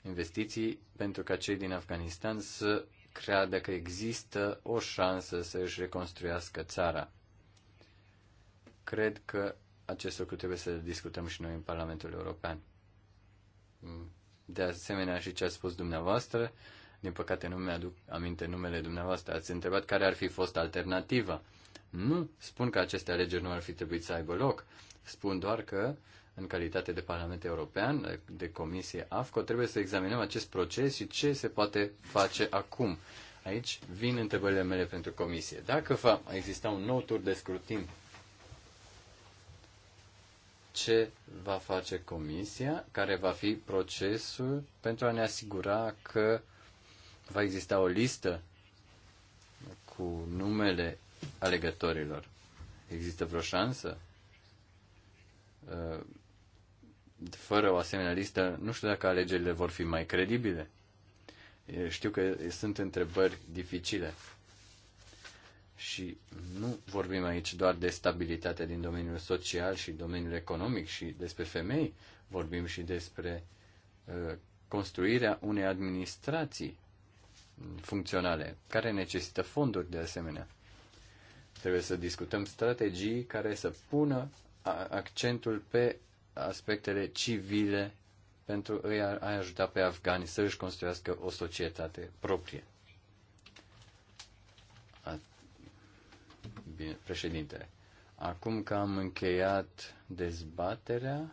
investiții pentru ca cei din Afganistan să creadă că există o șansă să își reconstruiască țara. Cred că acest lucru trebuie să discutăm și noi în Parlamentul European. De asemenea, și ce a spus dumneavoastră, din păcate nu mi-aduc aminte numele dumneavoastră, ați întrebat care ar fi fost alternativa. Nu spun că aceste alegeri nu ar fi trebuit să aibă loc, spun doar că uh, în calitate de Parlament European, de Comisie AFCO, trebuie să examinăm acest proces și ce se poate face acum. Aici vin întrebările mele pentru Comisie. Dacă va exista un nou tur de scrutin, ce va face Comisia, care va fi procesul pentru a ne asigura că va exista o listă cu numele alegătorilor. Există vreo șansă? Uh, fără o asemenea listă, nu știu dacă alegerile vor fi mai credibile. Știu că sunt întrebări dificile. Și nu vorbim aici doar de stabilitatea din domeniul social și domeniul economic și despre femei, vorbim și despre construirea unei administrații funcționale, care necesită fonduri de asemenea. Trebuie să discutăm strategii care să pună accentul pe aspectele civile pentru a ajuta pe afgani să își construiască o societate proprie. A... Bine, președintele. Acum că am încheiat dezbaterea,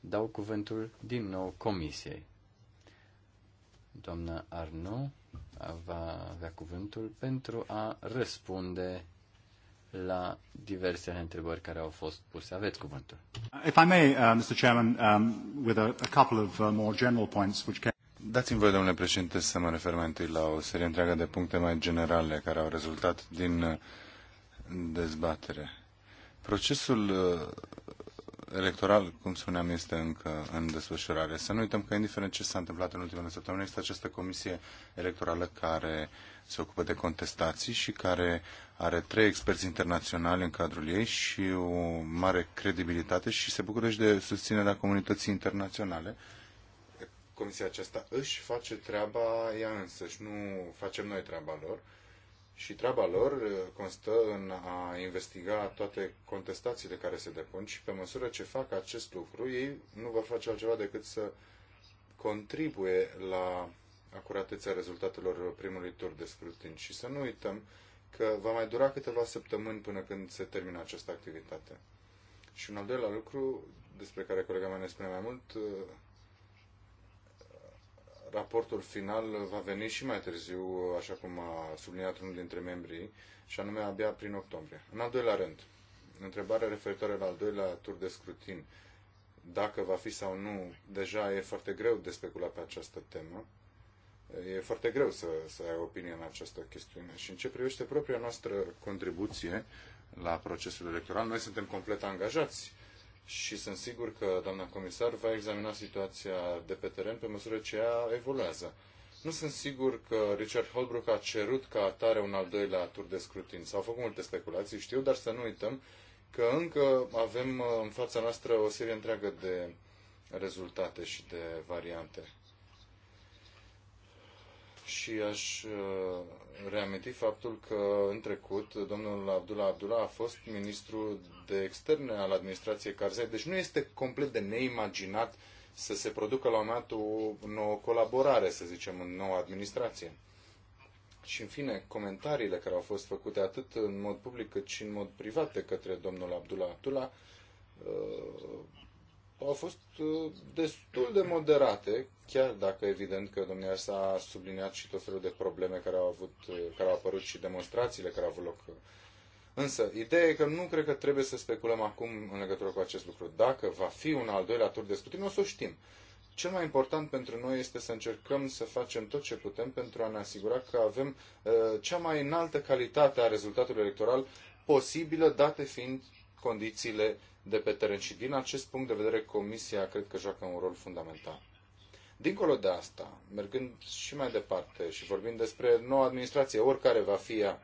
dau cuvântul din nou comisiei. Doamna Arno va avea cuvântul pentru a răspunde la diversele întrebări care au fost puse. Aveți cuvântul. If I may, uh, Mr. Chairman, um, with a, a couple of uh, more general points which came... Dați-mi voi, domnule președinte, să mă refer mai întâi la o serie întreagă de puncte mai generale care au rezultat din uh, dezbatere. Procesul uh, electoral, cum spuneam, este încă în desfășurare. Să nu uităm că, indiferent ce s-a întâmplat în ultimele săptămâni, este această comisie electorală care se ocupă de contestații și care are trei experți internaționali în cadrul ei și o mare credibilitate și se bucură și de susținerea comunității internaționale. Comisia aceasta își face treaba ea și nu facem noi treaba lor. Și treaba lor uh, constă în a investiga toate contestațiile care se depun și pe măsură ce fac acest lucru, ei nu vor face altceva decât să contribuie la acuratețea rezultatelor primului tur de scrutin și să nu uităm că va mai dura câteva săptămâni până când se termină această activitate. Și un al doilea lucru, despre care colega mea ne spune mai mult, uh, raportul final va veni și mai târziu, așa cum a subliniat unul dintre membrii, și anume abia prin octombrie. În al doilea rând, întrebarea referitoare la al doilea tur de scrutin, dacă va fi sau nu, deja e foarte greu de speculat pe această temă e foarte greu să, să ai opinie în această chestiune. Și în ce privește propria noastră contribuție la procesul electoral, noi suntem complet angajați și sunt sigur că doamna comisar va examina situația de pe teren pe măsură ce ea evoluează. Nu sunt sigur că Richard Holbrooke a cerut ca atare un al doilea tur de scrutin. S-au făcut multe speculații, știu, dar să nu uităm că încă avem uh, în fața noastră o serie întreagă de rezultate și de variante și aș uh, reaminti faptul că în trecut domnul Abdullah Abdullah a fost ministru de externe al administrației Karzai, deci nu este complet de neimaginat să se producă la un moment dat o nouă colaborare, să zicem, în noua administrație. Și, în fine, comentariile care au fost făcute atât în mod public cât și în mod privat de către domnul Abdullah Abdullah uh, au fost uh, destul de moderate, chiar dacă evident că domnia s-a subliniat și tot felul de probleme care au, avut, care au apărut și demonstrațiile care au avut loc. Însă, ideea e că nu cred că trebuie să speculăm acum în legătură cu acest lucru. Dacă va fi un al doilea tur de scrutin, o să o știm. Cel mai important pentru noi este să încercăm să facem tot ce putem pentru a ne asigura că avem uh, cea mai înaltă calitate a rezultatului electoral posibilă, date fiind condițiile de pe teren. Și din acest punct de vedere, Comisia cred că joacă un rol fundamental. Dincolo de asta, mergând și mai departe și vorbind despre noua administrație, oricare va fi ea,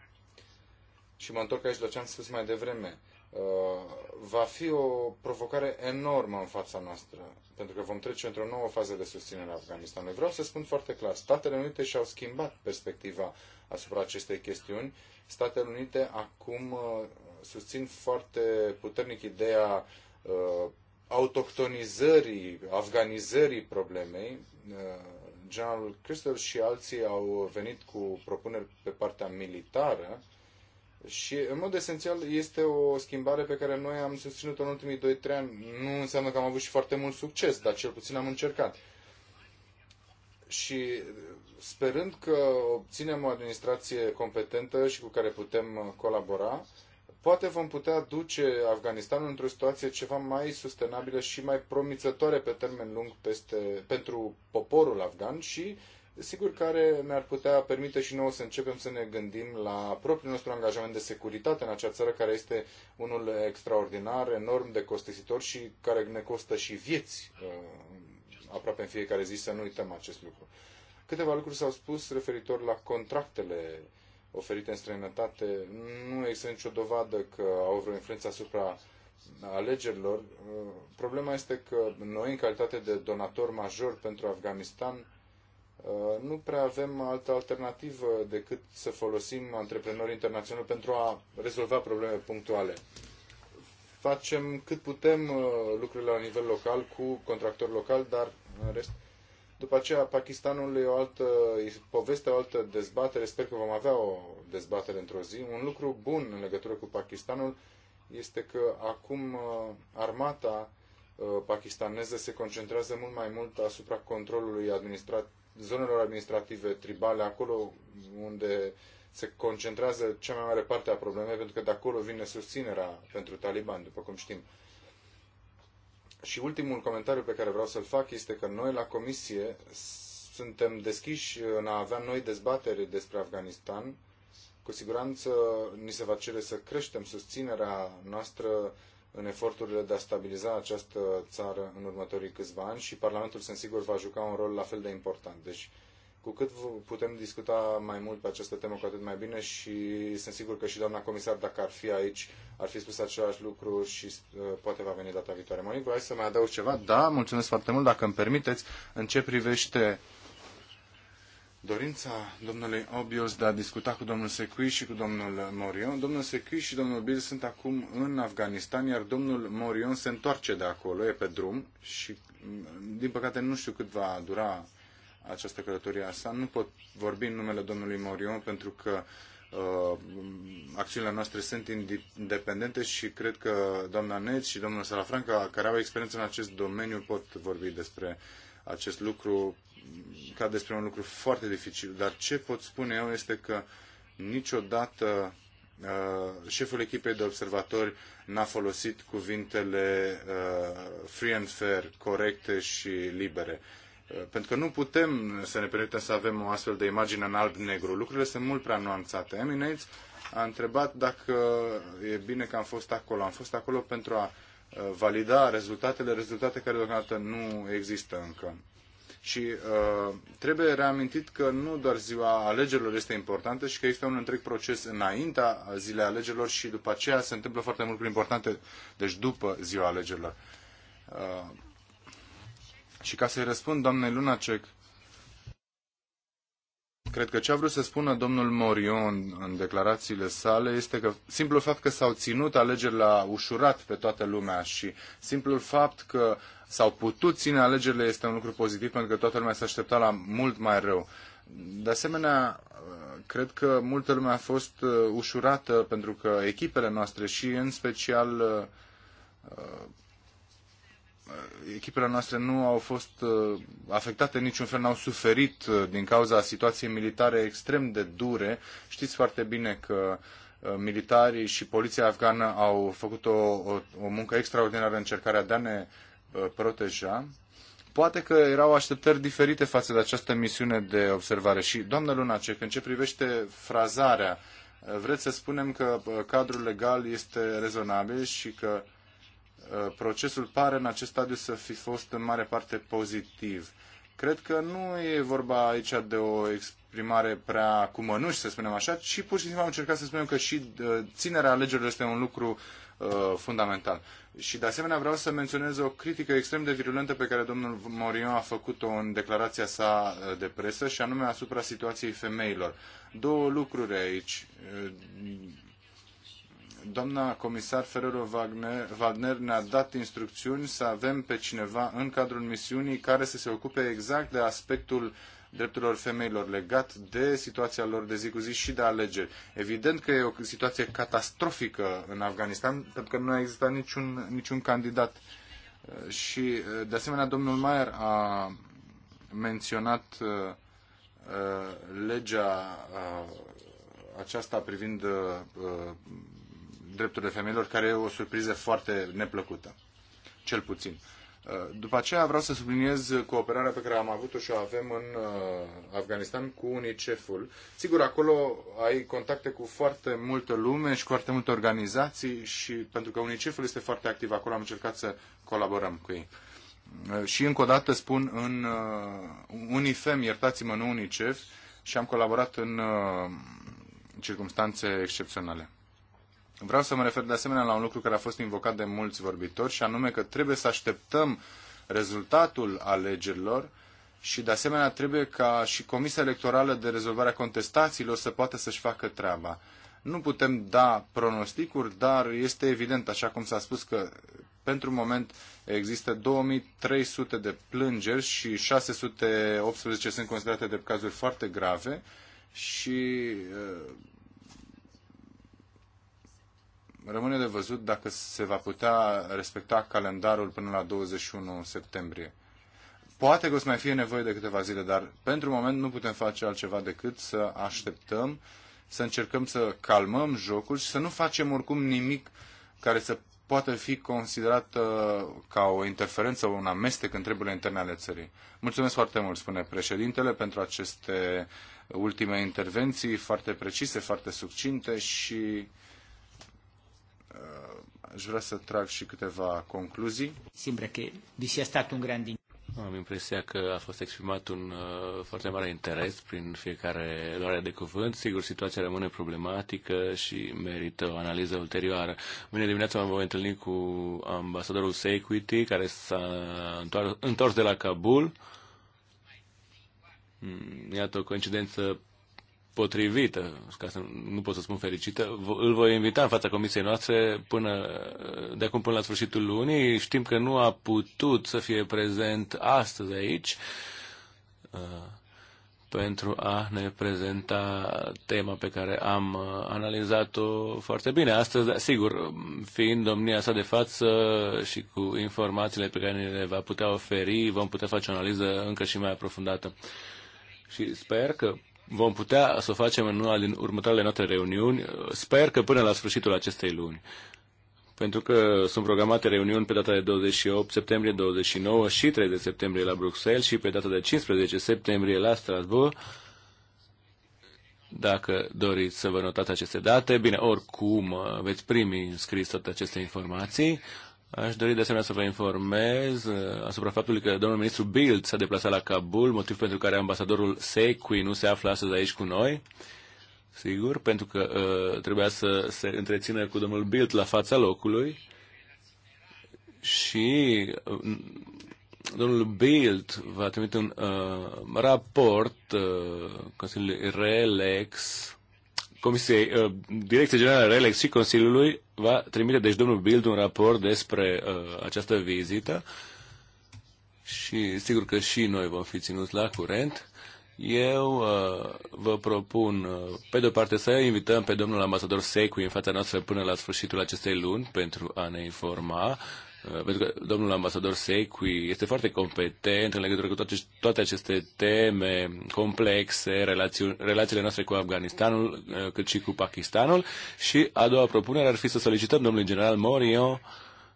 și mă întorc aici la ce am spus mai devreme, uh, va fi o provocare enormă în fața noastră, pentru că vom trece într-o nouă fază de susținere a Afganistanului. Vreau să spun foarte clar, Statele Unite și-au schimbat perspectiva asupra acestei chestiuni. Statele Unite acum uh, susțin foarte puternic ideea uh, autohtonizării, afganizării problemei. Uh, Generalul Crystal și alții au venit cu propuneri pe partea militară și, în mod esențial, este o schimbare pe care noi am susținut-o în ultimii 2-3 ani. Nu înseamnă că am avut și foarte mult succes, dar cel puțin am încercat. Și sperând că obținem o administrație competentă și cu care putem colabora, poate vom putea duce Afganistanul într-o situație ceva mai sustenabilă și mai promițătoare pe termen lung peste, pentru poporul afgan și sigur care ne-ar putea permite și nouă să începem să ne gândim la propriul nostru angajament de securitate în acea țară care este unul extraordinar, enorm de costisitor și care ne costă și vieți uh, aproape în fiecare zi, să nu uităm acest lucru. Câteva lucruri s-au spus referitor la contractele oferite în străinătate, nu există nicio dovadă că au vreo influență asupra alegerilor. Problema este că noi, în calitate de donator major pentru Afganistan, nu prea avem altă alternativă decât să folosim antreprenori internaționali pentru a rezolva probleme punctuale. Facem cât putem uh, lucrurile la nivel local cu contractori locali, dar în rest după aceea, Pakistanul e o altă e poveste, o altă dezbatere. Sper că vom avea o dezbatere într-o zi. Un lucru bun în legătură cu Pakistanul este că acum uh, armata uh, pakistaneză se concentrează mult mai mult asupra controlului administrat, zonelor administrative tribale, acolo unde se concentrează cea mai mare parte a problemei, pentru că de acolo vine susținerea pentru Taliban, după cum știm. Și ultimul comentariu pe care vreau să-l fac este că noi la Comisie suntem deschiși în a avea noi dezbateri despre Afganistan. Cu siguranță ni se va cere să creștem susținerea noastră în eforturile de a stabiliza această țară în următorii câțiva ani și Parlamentul, sunt sigur, va juca un rol la fel de important. Deci cu cât putem discuta mai mult pe această temă, cu atât mai bine și sunt sigur că și doamna comisar, dacă ar fi aici, ar fi spus același lucru și uh, poate va veni data viitoare. Monicu, hai să mai adaug ceva? Da, mulțumesc foarte mult, dacă îmi permiteți. În ce privește dorința domnului Obios de a discuta cu domnul Secui și cu domnul Morion. Domnul Secui și domnul Bill sunt acum în Afganistan, iar domnul Morion se întoarce de acolo, e pe drum și, mm, din păcate, nu știu cât va dura această călătorie a sa. Nu pot vorbi în numele domnului Morion pentru că uh, acțiunile noastre sunt independente și cred că doamna Neț și domnul Salafranca, care au experiență în acest domeniu, pot vorbi despre acest lucru ca despre un lucru foarte dificil. Dar ce pot spune eu este că niciodată uh, șeful echipei de observatori n-a folosit cuvintele uh, free and fair, corecte și libere pentru că nu putem să ne permitem să avem o astfel de imagine în alb-negru. Lucrurile sunt mult prea nuanțate. Eminates a întrebat dacă e bine că am fost acolo. Am fost acolo pentru a uh, valida rezultatele, rezultate care deocamdată nu există încă. Și uh, trebuie reamintit că nu doar ziua alegerilor este importantă și că există un întreg proces înaintea zilei alegerilor și după aceea se întâmplă foarte multe importante, deci după ziua alegerilor. Uh, și ca să-i răspund, doamnei Lunacek, cred că ce a vrut să spună domnul Morion în declarațiile sale este că simplul fapt că s-au ținut alegerile a ușurat pe toată lumea și simplul fapt că s-au putut ține alegerile este un lucru pozitiv pentru că toată lumea se așteptat la mult mai rău. De asemenea, cred că multă lume a fost uh, ușurată pentru că echipele noastre și în special uh, uh, Uh, echipele noastre nu au fost uh, afectate niciun fel, n-au suferit uh, din cauza situației militare extrem de dure. Știți foarte bine că militarii și poliția afgană au făcut o, o, o muncă extraordinară în încercarea de a ne proteja. Poate că erau așteptări diferite față de această misiune de observare. Și, doamnă Lunacek, în ce privește frazarea, vreți să spunem că cadrul legal este rezonabil și că Uh, procesul pare în acest stadiu să fi fost în mare parte pozitiv. Cred că nu e vorba aici de o exprimare prea cu mănuși, să spunem așa, ci pur și simplu am încercat să spunem că și uh, ținerea alegerilor este un lucru uh, fundamental. Și de asemenea vreau să menționez o critică extrem de virulentă pe care domnul Morion a făcut-o în declarația sa de presă și anume asupra situației femeilor. Două lucruri aici doamna comisar Ferrero-Waldner ne-a dat instrucțiuni să avem pe cineva în cadrul misiunii care să se ocupe exact de aspectul drepturilor femeilor legat de situația lor de zi cu zi și de alegeri. Evident că e o situație catastrofică în Afganistan, pentru că nu a existat niciun, niciun candidat. Și, de asemenea, domnul Mayer a menționat uh, uh legea uh, aceasta privind uh, drepturile femeilor, care e o surpriză foarte neplăcută. Cel puțin. Uh, după aceea vreau să subliniez cooperarea pe care am avut-o și o avem în uh, Afganistan cu UNICEF-ul. Sigur, acolo ai contacte cu foarte multă lume și cu foarte multe organizații și pentru că UNICEF-ul este foarte activ acolo, am încercat să colaborăm cu ei. Uh, și încă o dată spun în UNIFEM, iertați-mă, nu UNICEF, și am colaborat în circunstanțe excepționale. Vreau să mă refer de asemenea la un lucru care a fost invocat de mulți vorbitori și anume că trebuie să așteptăm rezultatul alegerilor și de asemenea trebuie ca și Comisia Electorală de Rezolvare a Contestațiilor să poată să-și facă treaba. Nu putem da pronosticuri, dar este evident, așa cum s-a spus, că pentru moment există 2300 de plângeri și 618 sunt considerate de cazuri foarte grave și uh, Rămâne de văzut dacă se va putea respecta calendarul până la 21 septembrie. Poate că o să mai fie nevoie de câteva zile, dar pentru moment nu putem face altceva decât să așteptăm, să încercăm să calmăm jocul și să nu facem oricum nimic care să poată fi considerat uh, ca o interferență, un amestec în treburile interne ale țării. Mulțumesc foarte mult, spune președintele, pentru aceste ultime intervenții foarte precise, foarte succinte și Uh, aș vrea să trag și câteva concluzii. Sembra că vi a stat un grand am impresia că a fost exprimat un uh, foarte mare interes prin fiecare luare de cuvânt. Sigur, situația rămâne problematică și merită o analiză ulterioară. Mâine dimineața mă voi întâlni cu ambasadorul Sequity, care s-a întors de la Kabul. Mm, iată o coincidență potrivită, ca să nu pot să spun fericită, îl voi invita în fața comisiei noastre până, de acum până la sfârșitul lunii. Știm că nu a putut să fie prezent astăzi aici uh, pentru a ne prezenta tema pe care am uh, analizat-o foarte bine. Astăzi, da, sigur, fiind domnia sa de față și cu informațiile pe care ne le va putea oferi, vom putea face o analiză încă și mai aprofundată. Și sper că vom putea să o facem în una din următoarele noastre reuniuni. Sper că până la sfârșitul acestei luni. Pentru că sunt programate reuniuni pe data de 28 septembrie, 29 și 30 septembrie la Bruxelles și pe data de 15 septembrie la Strasbourg. Dacă doriți să vă notați aceste date, bine, oricum veți primi scris toate aceste informații. Aș dori de asemenea să vă informez uh, asupra faptului că domnul ministru Bild s-a deplasat la Kabul, motiv pentru care ambasadorul Secui nu se află astăzi aici cu noi. Sigur, pentru că uh, trebuia să se întrețină cu domnul Bild la fața locului și uh, domnul Bild va trimite un uh, raport uh, Consiliului Relex Comisiei, uh, Direcția Generală Relex și Consiliului va trimite, deci, domnul Bild un raport despre uh, această vizită și sigur că și noi vom fi ținuți la curent. Eu uh, vă propun, uh, pe de-o parte, să invităm pe domnul ambasador Secui în fața noastră până la sfârșitul acestei luni pentru a ne informa Uh, pentru că domnul ambasador Secui este foarte competent în legătură cu toate, toate aceste teme complexe, relațiile noastre cu Afganistanul, uh, cât și cu Pakistanul. Și a doua propunere ar fi să solicităm domnului general Morio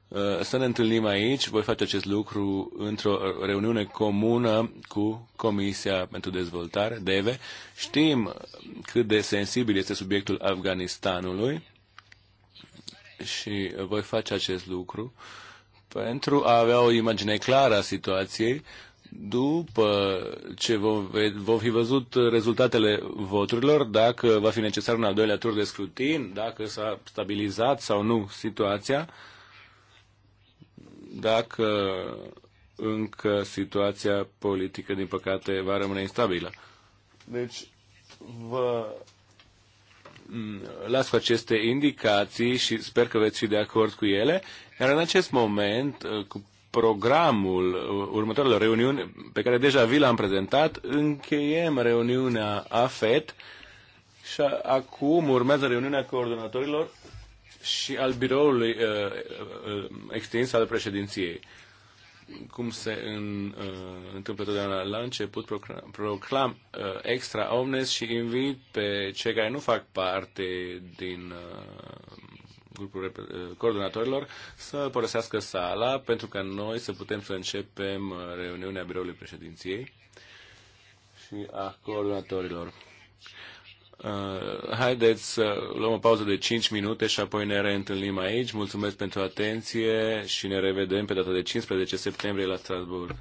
uh, să ne întâlnim aici. Voi face acest lucru într-o reuniune comună cu Comisia pentru Dezvoltare, DEVE. Știm cât de sensibil este subiectul Afganistanului și voi face acest lucru. Uh, pentru a avea o imagine clară a situației după ce vom, fi văzut rezultatele voturilor, dacă va fi necesar un al doilea tur de scrutin, dacă s-a stabilizat sau nu situația, dacă încă situația politică, din păcate, va rămâne instabilă. Deci, vă Mm, las cu aceste indicații și sper că veți fi de acord cu ele. Iar în acest moment, uh, cu programul uh, următoarelor reuniuni pe care deja vi l-am prezentat, încheiem reuniunea AFET și acum urmează reuniunea coordonatorilor și al biroului uh, uh, extins al președinției cum se în, uh, întâmplă totdeauna la început, proclam, proclam uh, extra omnes și invit pe cei care nu fac parte din uh, grupul uh, coordonatorilor să părăsească sala pentru ca noi să putem să începem uh, reuniunea biroului președinției și a coordonatorilor. Uh, haideți să luăm o pauză de 5 minute și apoi ne reîntâlnim aici. Mulțumesc pentru atenție și ne revedem pe data de 15 septembrie la Strasbourg.